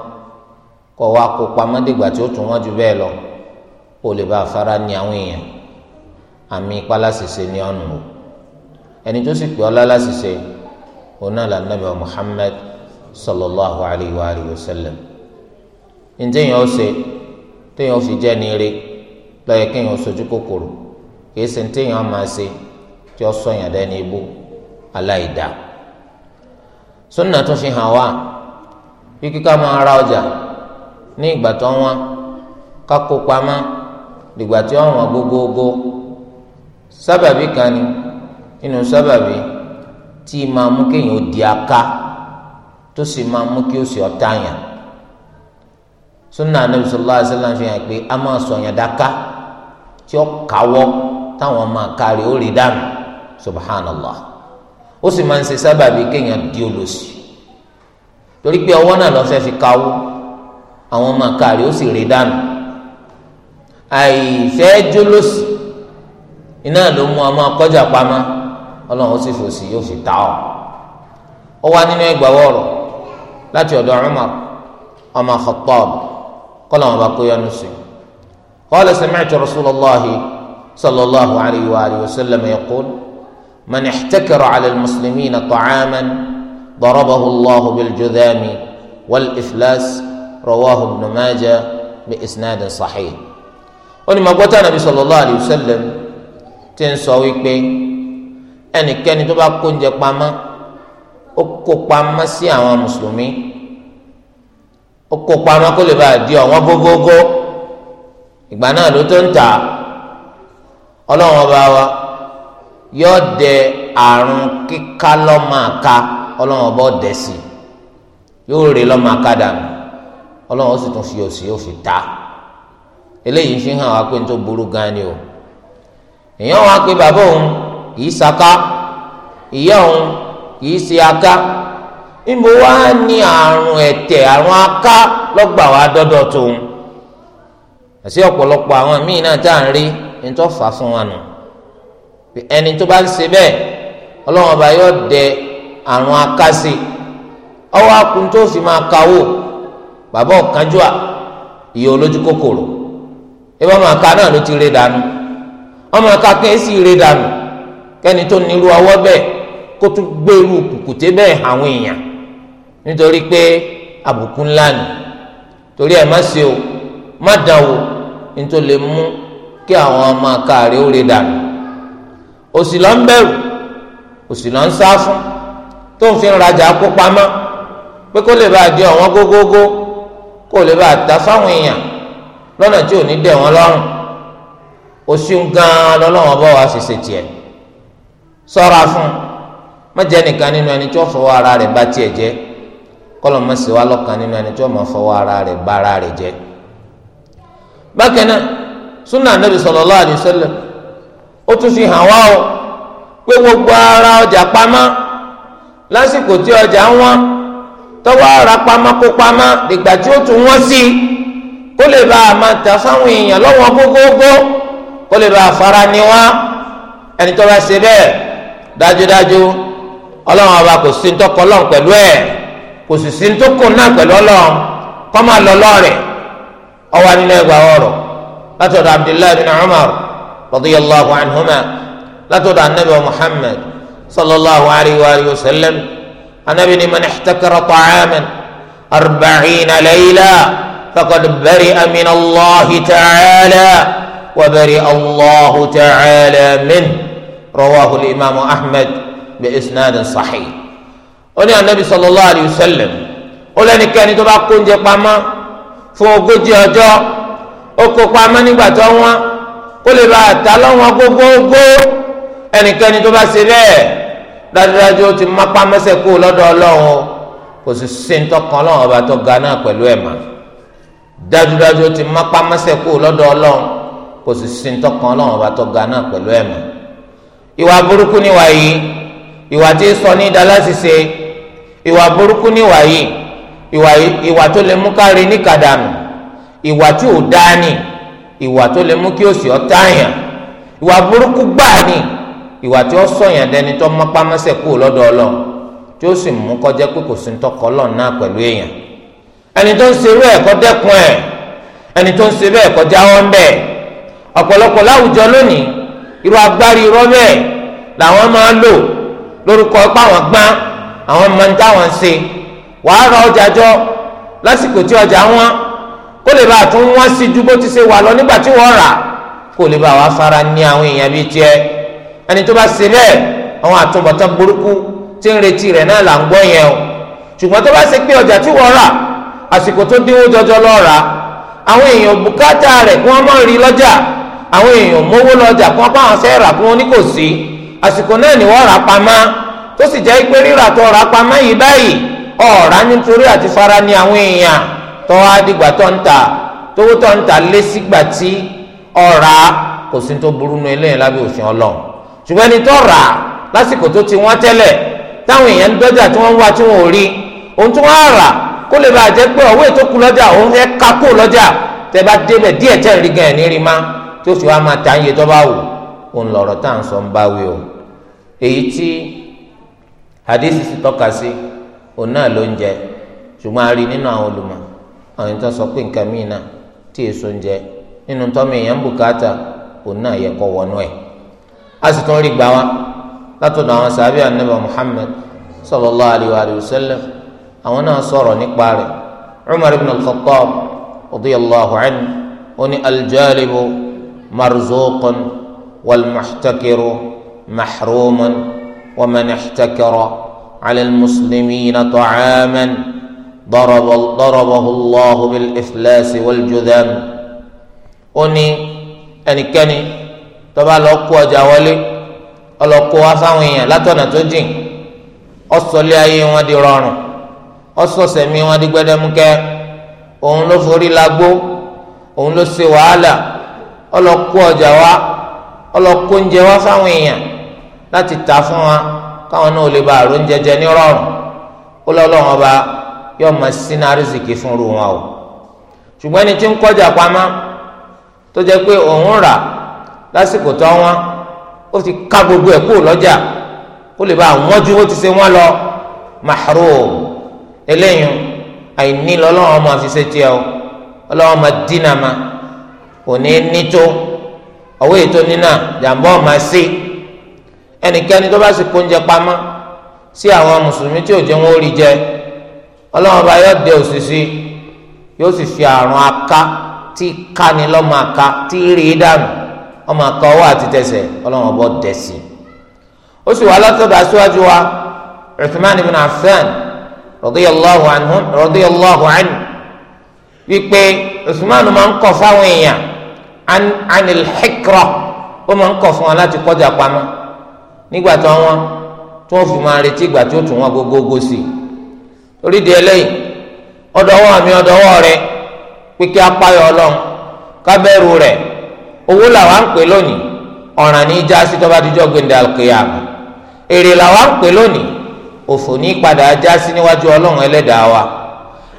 kó wá kó pamọ́ dìgbà tí ó tún wọ́n ju bẹ́ẹ̀ lọ kó lè bá afárá ní àwọn èèyàn àmì ìpalásìṣe ní ọ̀nà o ẹni tó sì pè ọ́ lálásìṣe òun náà lànà bí Muhammad sallallahu alayhi wa sallam. ntẹ̀yìn ọ̀sẹ̀ tẹ̀yìn ọ̀fì jẹ́ níire lọ́yẹ̀ kẹ́yìn ọ̀sọ̀jú kòkòrò kìí ṣe ntẹ̀yìn ọ̀ma ṣe tí ó sọ yàn dẹ́ni ibú aláìda. sunna tún fi hàn wá bí kíkà máa ra ọjà ní ìgbà tó wọn kákó pamọ́ dìgbà tí ọ̀wọ́n gógógó sábàbí kan ni nínú sábàbí tí máa mú kéèyàn di aká tó sì máa mú kí ó sunna anabi sallallahu Alaihi wa sallam fi hàn pé a máa sọ̀yàn dáká tí ó káwọ́ táwọn máa kárí ó rí dànù subhanallah ó sì máa ń ṣe sábàbí kéèyàn di olòṣì torí pé ọwọ́ náà lọ́fẹ́ fi káwọ́ àwọn máa kárí ó sì rí dànù àìfẹ́ jólóṣì iná ló mú ọmọ akọ́jà pamọ́ ọlọ́run ó sì fòsì yóò fi ta ọ́ ó wá nínú ẹgbàá wọ̀rọ̀ láti ọ̀dọ̀ Umar ọmọ Khattab kọ́lọ̀ wọn bá kó yánu sí qala sami'tu rasulallahi sallallahu alayhi wa alihi wa sallam yaqul man ihtakara ala almuslimina ta'aman darabahu allahu biljudami waliflas rawahu ibnu majah bi isnadin sahih onímọ̀gbọ́tà nàbí sallallahu alayhi wa sallam ti ń sọ wípé ẹnikẹ́ni tó bá kó oúnjẹ pamọ́ ó kó pamọ́ sí àwọn mùsùlùmí. ó kó pamọ́ kó lè bá di ọ̀wọ́n gógógó ìgbà náà ló tó ń tà Ọlọ́wọ́n ọba wa yóò dẹ àrùn kíká lọ́màka ọlọ́run ọba ọ̀dẹ̀ sí yóò rè lọ́màka dànù Ọlọ́wọ́n ó sì tún fi òsì ó fi ta eléyìí fi hàn wá pé nítorí burú gan ni o èèyàn wá pé bàbá òun kì í saka ìyá òun kì í ṣe aká. ìmọ̀ wá ní àrùn ẹ̀tẹ̀ àrùn aká lọ́gbà wá dọ́dọ̀ tóun àti ọ̀pọ̀lọpọ̀ àwọn míì náà tá à ń rí ní tó fà fún wa nù ẹni tó bá ń ṣe bẹ́ẹ̀ ọlọ́run ọba yóò dẹ àrùn aká sí ọwọ́ akun tó fi máa kawó bàbá ọ̀kánjúà ìyá olójú kòkòrò ebi ọmọ aka náà ló ti ré dànù ọmọ aka kan èsì ré dànù kẹ́ni tó nílùú ọwọ́ bẹ́ẹ̀ kó tún gbé kùkùté bẹ́ẹ̀ àwọn èèyàn nítorí pé àbùkù ńlá ni torí ẹ má ṣe o má dàn o nítorí lè mú kí àwọn ọmọ akáàrí ó lè dànù òsì lọ ń bẹ̀rù òsì lọ ń sá fún tó ń fi rajà kó pamọ́ pé kó lè bá di ọ̀wọ́n gógógó kó lè bá ta fáwọn èèyàn lọ́nà tí ò ní dẹ̀ wọ́n lọ́rùn òsì ń gan lọ́lọ́wọ́n bá wa ṣèṣe tiẹ̀ sọ́ra fún má jẹ́ nìkan nínú ẹni tí wọ́n fọwọ́ ara rẹ̀ bá tiẹ̀ jẹ́ kọlọ ma sì wá lọ́kàn nínú ẹni tí wọn máa fọwọ́ ara rẹ̀ bà ara rẹ̀ jẹ́ bákan náà súnà anabi sallallahu alaihi wasallam ó tún fi hàn wá o pé gbogbo ara ọjà pamọ́ lásìkò tí ọjà ń wọ́n tọwọ́ ara pamọ́ kó pamọ́ dìgbà tí ó tún wọ́n sí kó lè bá a máa tà fáwọn èèyàn lọ́wọ́ gógógó kó lè bá a fara ni ẹni tó bá ṣe bẹ́ẹ̀ dájúdájú ọlọ́run ọba kò sí ń tọkọ ọlọ́run pẹ̀lú ẹ̀. kò sì sí tó kù náà pẹ̀lú ọlọ́run kọ́ máa lọ lọ́ọ̀rẹ̀ ọwọ́ nínú ẹgbàá ọ̀rọ̀ látọ̀dọ̀ abdullahi bin umar radiyallahu anhuma látọ̀dọ̀ anabi muhammad sallallahu alayhi wa sallam anabi ni man ihtakara ta'aman arba'ina alayla fakad bari amin allahi ta'ala wa bari allahu ta'ala min rawahu al-imam ahmad bi isnaadin sahih. ó ní anabi sallallahu alayhi wa sallam ó lẹ́nikẹ́ni tó bá kó oúnjẹ pamọ́ fún ogójì ọjọ́ ó kó pamọ́ nígbà tó wọ́n kó lè bá ta lọ́wọ́n gógógó ẹnikẹ́ni tó bá ṣe bẹ́ẹ̀ dájúdájú ó ti má pamọ́sẹ̀ kú lọ́dọ̀ ọlọ́run kò sì ṣe ń tọkàn ọlọ́run ọba tó ga náà pẹ̀lú dájúdájú ó ti má pamọ́sẹ̀ kú lọ́dọ̀ ọlọ́run kò sì ṣe ń tọkàn ọlọ́run ọba tó ga náà pẹ̀lú ìwà burúkú níwà yìí ìwà tí sọ ní ìdálásìse ìwà burúkú níwà yìí ìwà ìwà tó lè mú kárí níkàdánù ìwà tí ò dání ìwà tó lè mú kí ó sì ọ́ táyàn ìwà burúkú gbáà ni ìwà tí ó sọ̀yàn dẹni tó mọ́pá mọ́sẹ̀ kú lọ́dọ̀ ọlọ́run tí ó sì mú kọjá pé kò sí tọkọ lọ́n náà pẹ̀lú èèyàn ẹni tó ń ṣe irú ẹ̀kọ́ dẹ́kun ẹ̀ ẹni tó ń ṣe bẹ́ẹ̀ kọjá wọn bẹ́ẹ̀ ọ̀pọ̀lọpọ̀ láwùjọ lónìí irú agbárí irọ́ bẹ́ẹ̀ làwọn máa lò lórúkọ pàwọn gbọ́n àwọn máa ń táwọn ṣe wàá ra ọjà jọ lásìkò tí ọjà wọn kó lè bá àtún wọn sí ju bó ti ṣe wà lọ nígbà tí wọn rà kó lè bá wàá fara ní àwọn èèyàn bíi tiẹ̀ ẹni tó bá ṣe bẹ́ẹ̀ àwọn àtúbọ̀tán burúkú tí ń retí rẹ̀ náà là ń gbọ́ yẹn o ṣùgbọ́n tó bá ṣe pé ọjà tí wọ́n rà àsìkò tó dínwó jọjọ lọ rà àwọn èèyàn bùkátà rẹ̀ kí wọ́n máa rí lọ́jà àwọn èèyàn mówó lọ́jà kí wọ́n bá wọn fẹ́ rà kí wọ́n ní kò sí àsìkò náà ni wọ́n rà pamọ́ tó sì jẹ́ pé rírà tó rà pamọ́ yìí báyìí ọ̀rá nítorí àti fara ní àwọn èèyàn tó wá dìgbà tó ń tà tówó tó ń tà lé sígbà tí ọ̀rá kò sí tó burú nu eléyìí lábẹ́ òfin ọlọ́run ṣùgbọ́n ẹni tó rà lásìkò tó ti wọ́n tẹ́lẹ̀ táwọn èèyàn ń dọ́jà tí wọ́n ń wá tí wọ́n ò rí ohun tí wọ́n rà kó lè bàa pé ọ̀wé tó kú lọ́jà òun fẹ́ ká kó lọ́jà tẹ́ bá débẹ̀ díẹ̀ tẹ́ rí gan ẹ̀ má tó fi wá máa ta iye tó bá wù òun lọ̀rọ̀ tá à ń sọ ń bá wí o èyí tí hadith sì tọ́ka sí òun náà ló ń jẹ ṣùgbọ́n a rí nínú àwọn olùmọ̀ àwọn ìtàn sọ pé nǹkan míì náà tí èso ń jẹ nínú tọ́mọ èèyàn ń bùkátà òun náà yẹ kọ́ wọnú ẹ̀ a sì tún rí gbà wá látọ̀dọ̀ àwọn sàbí ànábì Muhammad sallallahu alayhi wa sallam àwọn náà sọ̀rọ̀ nípa rẹ̀ Umar ibn al-Khattab radiyallahu anhu oni aljalibu marzuqun walmuhtakiru mahrumun. ومن احتكر على المسلمين طعاما ضرب ضربه الله بالإفلاس والجذام أني أني كني تبع لقوة جوالي ọlọkọ afáwìyàn látọ̀nà tó jìn ọsọlé ayé wọn di rọrùn ọsọsẹmí wọn di gbẹdẹmukẹ òun ló forí lagbó òun ló ṣe wàhálà ọlọkọ ọjà wa ọlọkọ oúnjẹ wa fáwìyàn láti ta fún wa káwọn náà lè ba àrùn jẹjẹ ní rọrùn ó lọ́lọ́run ọba yóò máa sínú àrísìkì fún ru wọn o ṣùgbọ́n ẹni tí ń kọjá pamọ́ tó jẹ́ pé òun rà lásìkò tó wọn ó ti ká gbogbo ẹ̀ kúrò lọ́jà ó lè ba àwọn ju ó ti ṣe wọn lọ mahrum eléyìí àìní lọ́lọ́run ọmọ àfi ṣe tiẹ̀ o ọlọ́run máa dínà ma òní ní tó ọ̀wé ètò nínà jàǹbá ọ̀ máa ṣe ẹnikẹ́ni tó bá sì kó oúnjẹ pamọ́ sí àwọn mùsùlùmí tí ò jẹ́ wọn ó rí jẹ ọlọ́run ọba yóò dẹ òṣìṣì yóò sì fi àrùn aká tí kani lọ́mọ aká tí rí dànù ọmọ aká ọwọ́ àti tẹsẹ̀ ọlọ́run ọba dẹ̀ sí i ó sì wá látọ̀dọ̀ aṣíwájú wa Uthman ibn Affan radiyallahu anhu radiyallahu anhu wípé Uthman máa ń kọ̀ fáwọn èèyàn anil hikra ó máa ń kọ̀ fún wọn láti kọjá pamọ́ nígbà tó wọn tí wọn fi máa retí ìgbà tó tún wọn gógógó sí i torí di eléyìí ọdọwọ àmì ọdọwọ rẹ pípẹ́ apáyọ ọlọ́run kábẹ́rù rẹ owó làwọn ń pè lónìí ọ̀ràn ní já sí tó bá dijọ́ gbẹ̀ndẹ̀ àlùkìyàmù èrè làwọn ń pè lónìí òfò ní padà já sí níwájú ọlọ́run ẹlẹ́dàá wa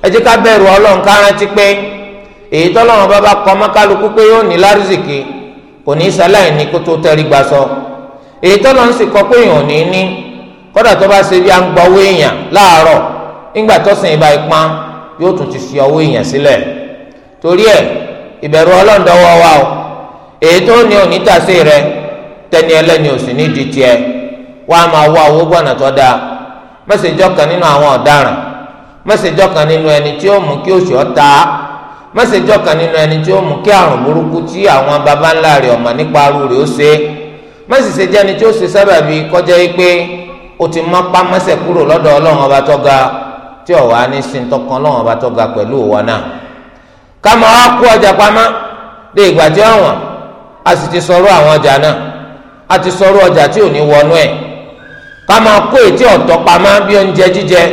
ẹ jẹ́ ká bẹ̀rù ọlọ́run ká rántí pé èyí tọ́lọ́run bá bá kọ́ mọ́kálukú pé yóò ní lárúzìkì kò ní sáláì ní kó tẹ́rí gbà sọ. So èyí tó lọ ń sì pé èèyàn ní ní kọ́dà tó bá ṣe bí a ń gba owó èèyàn láàárọ̀ nígbà tọ́sìn ibà yóò tún ti fi owó èèyàn sílẹ̀ torí ẹ̀ ìbẹ̀rù ọlọ́ọ̀dọ́wọ́ wa o èyí tó ní onítàsí rẹ tẹni ẹlẹ́ni ní di máa wá owó gbọ́nà tó dáa mẹ́sẹ̀jọ́ nínú àwọn ọ̀daràn mẹ́sẹ̀jọ́ má sì ṣe jẹ́ ẹni tí ó ṣe sábàbí kọjá yìí pé ó ti mọ́ pámẹ́sẹ̀ kúrò lọ́dọ̀ ọlọ́run ọba tó ga tí ọ̀wá ní sentọ́kan ọlọ́run ọba tó ga pẹ̀lú ìwọ náà ká mọ́ á kó ọjà pamọ́ dé ìgbà tí ọ̀wọ́n a sì ti sọ̀rọ̀ àwọn ọjà náà a ti sọ̀rọ̀ ọjà tí ò ní wọnú ẹ̀ ká mọ́ kó ètí ọ̀tọ̀ pamọ́ bí oúnjẹ jíjẹ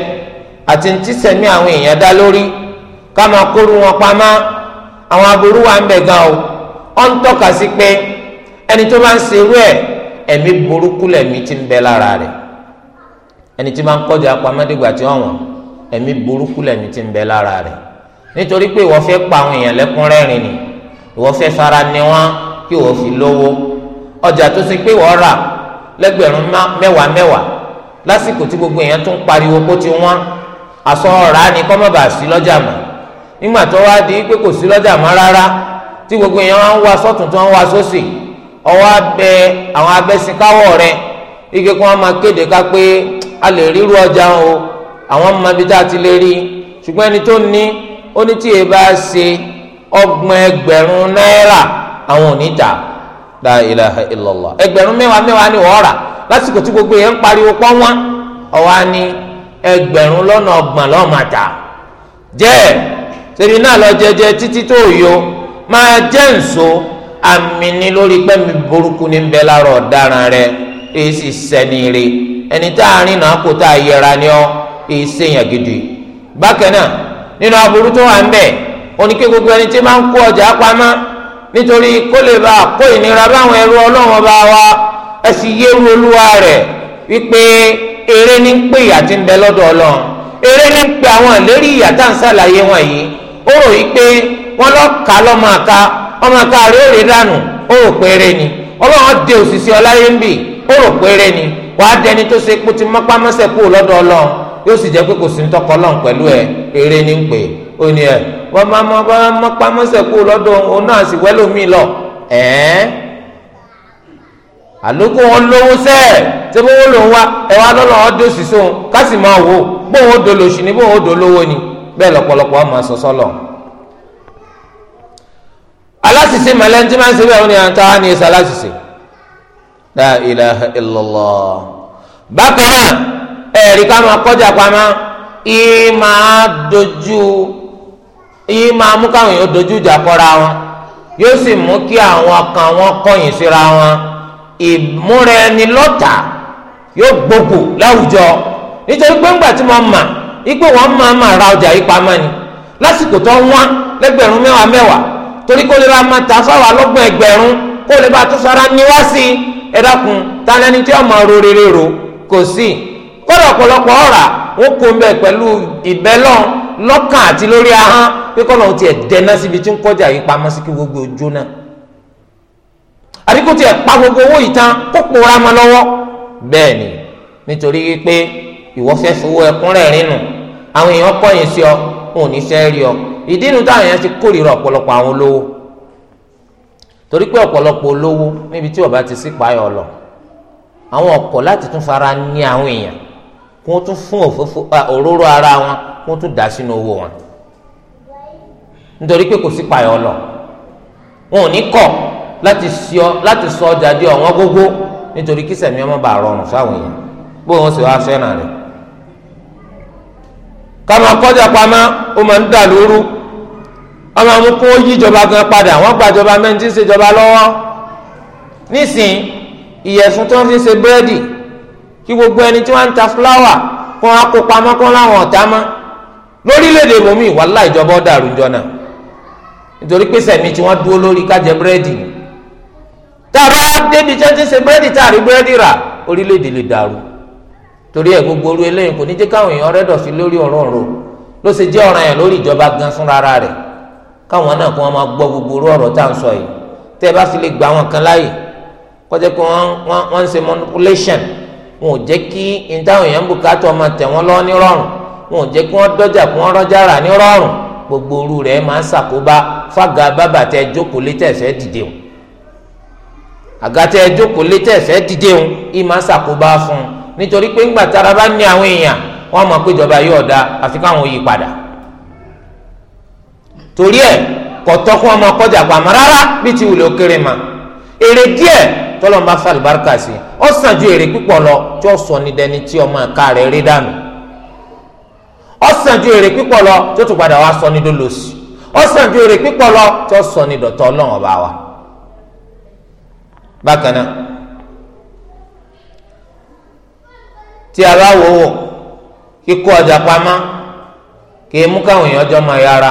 àti ní tísẹ̀mí àwọn èèyàn dá lórí ká mọ́ kóru wọn pamọ́ àwọn aburú wa ń bẹ gan o ọ̀ ń tọ́ka sí pé ẹni tó bá ń ṣerú ẹ̀ ẹ̀mí burúkú lẹ̀mí ti ń bẹ lára rẹ̀ ẹni tí máa ń kọjá pamẹ́dìgbà tí ọ̀wọ́n ẹ̀mí burúkú lẹ̀mí ti ń bẹ lára rẹ̀ nítorí pé ìwọ fẹ́ pa àwọn èèyàn lẹ́kúnrẹ́rìn ni ìwọ fẹ́ fara ni wọ́n kí ìwọ fi lówó ọjà tó ṣe pé ìwọ rà lẹ́gbẹ̀rún mẹ́wàá mẹ́wàá lásìkò tí gbogbo èèyàn tún pariwo kó ti wọ́n aṣọ ọ̀rá ni kọ́ mọ́ bàá sí lọ́jà mọ́ nígbà tó wá di pé kò sí lọ́jà mọ́ rárá tí gbogbo èèyàn wá ń tó wá sósì ọwọ́ abẹ àwọn abẹ́sìnkáwọ̀ rẹ ike kí wọ́n máa kéde ká pé a lè ríru ọjà o àwọn ọmọ ibi tá a ti lè rí ṣùgbọ́n ẹni tó ní ó ní tí èèbá ṣe ọgbọ̀n ẹgbẹ̀rún náírà àwọn ò ní tà la ilaha illallah ẹgbẹ̀rún ni wọ́n rà lásìkò tí gbogbo yẹn ń pariwo pọ́nwọ́n ọ̀wá ni ẹgbẹrún lọ́nà ọgbọ̀n lọ́màtà jẹ́ ẹ̀ ṣèbí náà lọ jẹjẹ títí tó yọ máa jẹ́ ǹso Amini ni lórí pẹ́mi burúkú ní bẹ́ẹ̀ lárọ̀ ọ̀daràn rẹ èyí sì sẹ́ni rí ẹni tá a rìn náà kó tá a yẹra ni ọ́ èyí sèyàn gidi bákan náà nínú aburú tó wà ń bẹ̀ oníke gbogbo ẹni tí máa ń kó ọjà pamọ́ nítorí kó lè bá kó ìnira báwọn ẹrú ọlọ́run ọba wa ẹ sì yéwu olúwa rẹ̀ wípé eré ní pé ìyà ti ń bẹ lọ́dọ̀ ọlọ́run eré ní pé àwọn ìlérí ìyà tá à ń sàlàyé wọn yìí ó rò yí pé wọ́n lọ́ọ́ kà lọ́mọ àka ọmọ àkàrí ó rè dànù ó rò péré ni Ọ dé òṣìṣẹ́ ọláyé ń bì ó rò péré ni wàá dẹni tó ṣe ti mọ́pá mọ́sẹ̀ kú lọ́dọ̀ yóò sì jẹ́ pé kò sí pẹ̀lú ẹ̀ eré ní ó ẹ̀ wọ́n máa mọ́ bá mọ́pá mọ́sẹ̀ kú lọ́dọ̀ òun ẹ̀ẹ́n aláṣìṣe mọ̀lẹ́ntì máa ń ṣe bẹ́ẹ̀ wọ́n ní àwọn táwọn ní ẹ̀ṣẹ̀ aláṣìṣe la ilaha illallah bákan náà ẹ̀rí ká máa kọjá pamọ́ ìyí máa dojú ìyí máa mú káwọn èèyàn dojú ìjà kọra wọn yóò sì mú kí àwọn kan wọn kọ̀yìn síra wọn ìmúra ẹni lọ́tà yóò gbogbo láwùjọ nítorí pé tí mo mà ipò wọn máa máa ra ọjà yìí pamọ́ ni lásìkò tó ń wá lẹ́gbẹ̀rún mẹ́wàá mẹ́wàá torí kó lè bá máa tà fáwọn alọ́gbọ̀n ẹgbẹ̀rún kó lè bá tó sara níwá sí i ẹ dákun tani ẹni tí wọn máa ro rere ro kò sí kódà ọ̀pọ̀lọpọ̀ ọ̀rà wọn kó ń bẹ pẹ̀lú ìbẹ́lọ̀ lọ́kàn àti lórí ahọ́n pé kọ́nà ó tiẹ̀ dẹ́ná síbi tí ń kọjá yìí pamọ́ sí kí gbogbo ojú náà àbí kó tiẹ̀ pa gbogbo owó yìí tán kó pòórá mọ́ lọ́wọ́ bẹ́ẹ̀ ni nítorí wípé ìwọ fẹ́ fowó ẹkúnrẹ́ rínú àwọn èèyàn kọ̀yìn sí ọ wọn ní fẹ́ rí ọ ìdí inú táwọn èèyàn ti kórìíra ọ̀pọ̀lọpọ̀ àwọn olówó torí pé ọ̀pọ̀lọpọ̀ olówó níbi tí ọba ti sí payọ̀ lọ àwọn ọkọ̀ láti tún fara ní àwọn èèyàn kí wọ́n tún fún òróró ara wọn kí wọ́n tún dà sínú owó wọn nítorí pé kò sí payọ̀ lọ wọn ò ní kọ̀ láti sọ ọjà di ọ̀wọ́n gógó nítorí kí sẹ̀mí ọmọ bá rọrùn fáwọn èèyàn bó wọn sì wá fẹ́ràn rẹ̀ kàmá kọjá pamọ́ ó máa ń dà lóru ọmọ àwọn kó yíjọba gan padà wọ́n gbàjọba mẹ́rin tí ń ṣèjọba lọ́wọ́ nísìn ìyẹ̀fun tó ń fi ṣe búrẹ́dì kí gbogbo ẹni tí wọ́n ń ta fúláwà kó wọn kó pamọ́ kó láwọn ọ̀tá mọ́ lórílẹ̀‐èdè bòmí wàhálà ìjọba ọ̀dàrú jọ náà nítorí pé sẹ̀mí tí wọ́n dúró lórí kájẹ búrẹ́dì ni tá a bá débi tí wọ́n ti ń ṣe búrẹ́dì tá a rí búrẹ́dì rà orílẹ̀ lè dàrú torí ẹ̀ gbogbo orú eléyìí kò ní jẹ́ káwọn èèyàn rẹ́dọ̀ fi lórí ọ̀rọ̀ ọ̀rọ̀ ló ṣe jẹ́ ọ̀ràn yẹn lórí ìjọba gan fúnra rẹ̀ káwọn náà kó wọn máa gbọ́ gbogbo orú ọ̀rọ̀ tá à ń sọ yìí tẹ́ bá fi lè gba àwọn kan láàyè kọjá pé wọ́n ń ṣe manipulation wọn ò jẹ́ kí ìdáhùn yẹn ń bùkátà ọmọ tẹ̀ wọ́n lọ́wọ́ ní rọrùn wọn ò jẹ́ kí wọ́n dọ́jà kí wọ́n rọ́jà rà ní rọrùn gbogbo orú rẹ̀ máa ń ṣàkóbá fága bábà tẹ jókòó létẹ̀ fẹ́ dìde o àgàtẹ jókòó létẹ̀ fẹ́ dìde o yìí máa ń ṣàkóbá fún un nítorí pé ńgbà tára bá ní àwọn èèyàn wọ́n mọ̀ pé yóò da àfi káwọn yí padà torí ẹ kọ̀tọ́ kún ọmọ kọjá pàmò rárá bí ti wùlé òkèrè mà èrè díẹ̀ tọ́lọ́mù bá ọ sàn ju èrè púpọ̀ lọ tí ó sọ ní dẹni ọmọ rẹ rí dànù ọ sàn ju èrè púpọ̀ lọ tí ó tún padà wá sọ ní ọ sàn ju èrè púpọ̀ lọ tí ó sọ ní ọjà pamọ kì í mú káwọn èèyàn jọ máa yára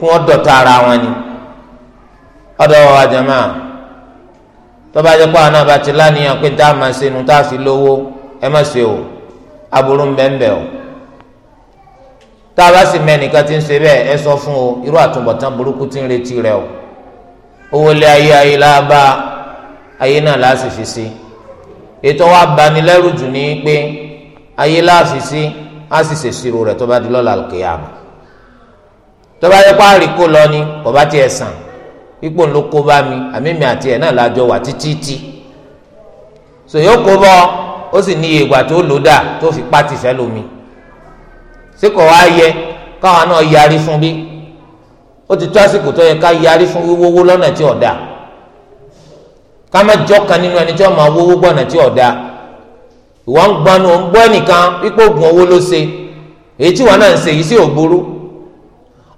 kí wọ́n dọ̀tá ara wọn ni ọ̀dọ̀ wọn wá jẹ́ máa tọ́ba jẹ́ náà bá ti lánìyàn pé tá a máa o aburú ń bẹ́ẹ̀ o tá a bá sì ti ń ṣe bẹ́ẹ̀ ẹ sọ fún o irú àtúbọ̀tán burúkú ti ń retí rẹ o owó lé ayé ayé la bá ayé náà la fi sí ètò wa banilẹ́rù jù ní pé ayé tó bá yẹ kó àríkó lọ ni kò bá tiẹ̀ sàn ipò ńlọ kó bá mi àmì mi àti ẹ̀ náà lájọ wà títí so yóò kó bọ́ ó sì ní iye ìgbà tó lò dà tó fi pátì fẹ́ lomi ṣé kò wá yẹ káwọn náà yarí fún bí ó ti tó àsìkò tó yẹ ká yarí fún wíwówó lọ́nà tí ò dáa ká má jọ́ka nínú ẹni tí wọ́n máa wówó gbọ́nà tí ò dáa ìwọ ń gbọ́nu ń gbọ́ nìkan wípé oògùn owó ló ṣe èyí tí wọn náà ń ṣe yìí sí ògbóró.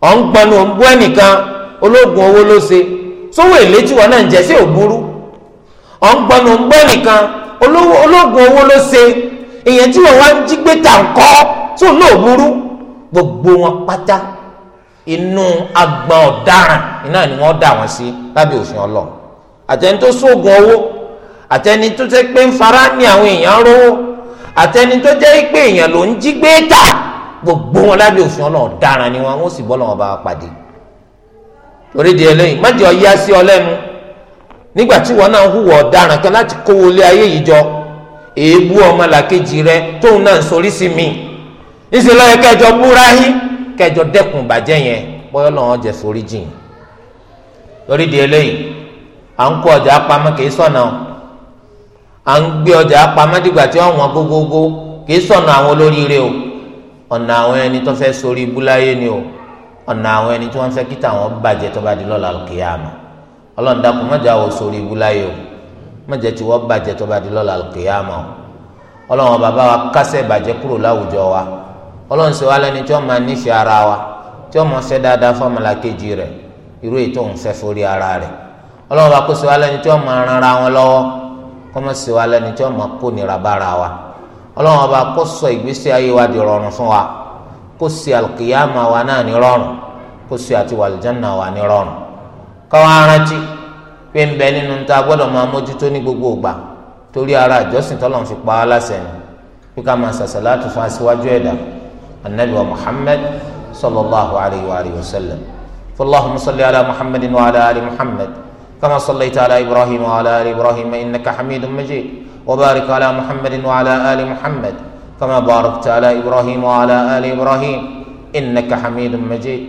ọ̀ ń gbanu bú ẹnìkan ológun owó ló ṣe sówó èlé náà ń sí òbúrú ọ̀ ń bú ẹnìkan ológun owó ló ṣe tí wọ́n wá ń jí tó lóòbúrú gbogbo wọn pátá inú agbọn ọ̀daràn iná ni wọ́n dà wọ́n sí lábẹ́ òfin àtẹni tó owó àtẹni tó pé ń fara ni àwọn èèyàn rówó àtẹni tó jẹ́ pé èèyàn ló ń jí gbogbo wọn dị òfin Ọlọ́run ọdara ni wọn wọn sì bọ́ lọ́wọ́ bá wa pàdé torí di eléyìí má ọyá sí ọ nígbà tí wọn náà hùwà ọ̀daràn kan láti kówó lé ayé yìí jọ èébú ọmọ làkejì rẹ tóun náà sorí sí mi níṣẹ́ lọ́yẹ kẹjọ kẹjọ yẹn jẹ sórí jìn torí di à ń kó ọjà kì à ń gbé ọjà dìgbà ọ̀nà àwọn ẹni tó fẹ́ sórí ibú ni o ọ̀nà àwọn ẹni tí wọ́n fẹ́ kí tàwọn bàjẹ́ tó bá di lọ́la kìyàmà ọlọ́run dákun má jẹ́ àwọn o má jẹ́ tí wọ́n bàjẹ́ tó bá di lọ́la kìyàmà o ọlọ́run bàbá wa kásẹ̀ bàjẹ́ kúrò láwùjọ wa ọlọ́run sì wá lẹ́ni tí wọ́n máa nífẹ̀ẹ́ ara wa tí wọ́n máa fẹ́ dáadáa fọ́mọlá kejì rẹ̀ irú èyí tó ń fẹ́ forí ara rẹ̀ ọlọ́run bá kó sì wá lẹ́ni tí wọ́n máa ran ara wọn ọlọ́run ọba kó sọ ìgbésí ayé wa di rọrùn fún wa kó sì àlùkìyàmà wa náà ní rọrùn kó sì àti wàlìjánà wa ní rọrùn káwọn arántí pé ń bẹ nínú ta gbọ́dọ̀ máa mójútó ní gbogbo ìgbà torí ara àjọsìn tọ́lọ́run fi pa á láṣẹ ni pé ká máa sàṣàlátù fún aṣíwájú ẹ̀dá anabi wa muhammed sallallahu alayhi wa alihi wa sallam fallahumma salli ala muhammadin wa ala ali muhammad kama sallaita ala ibrahim wa ala ali ibrahim innaka hamidun majid. وبارك على محمد وعلى آل محمد كما باركت على إبراهيم وعلى آل إبراهيم إنك حميد مجيد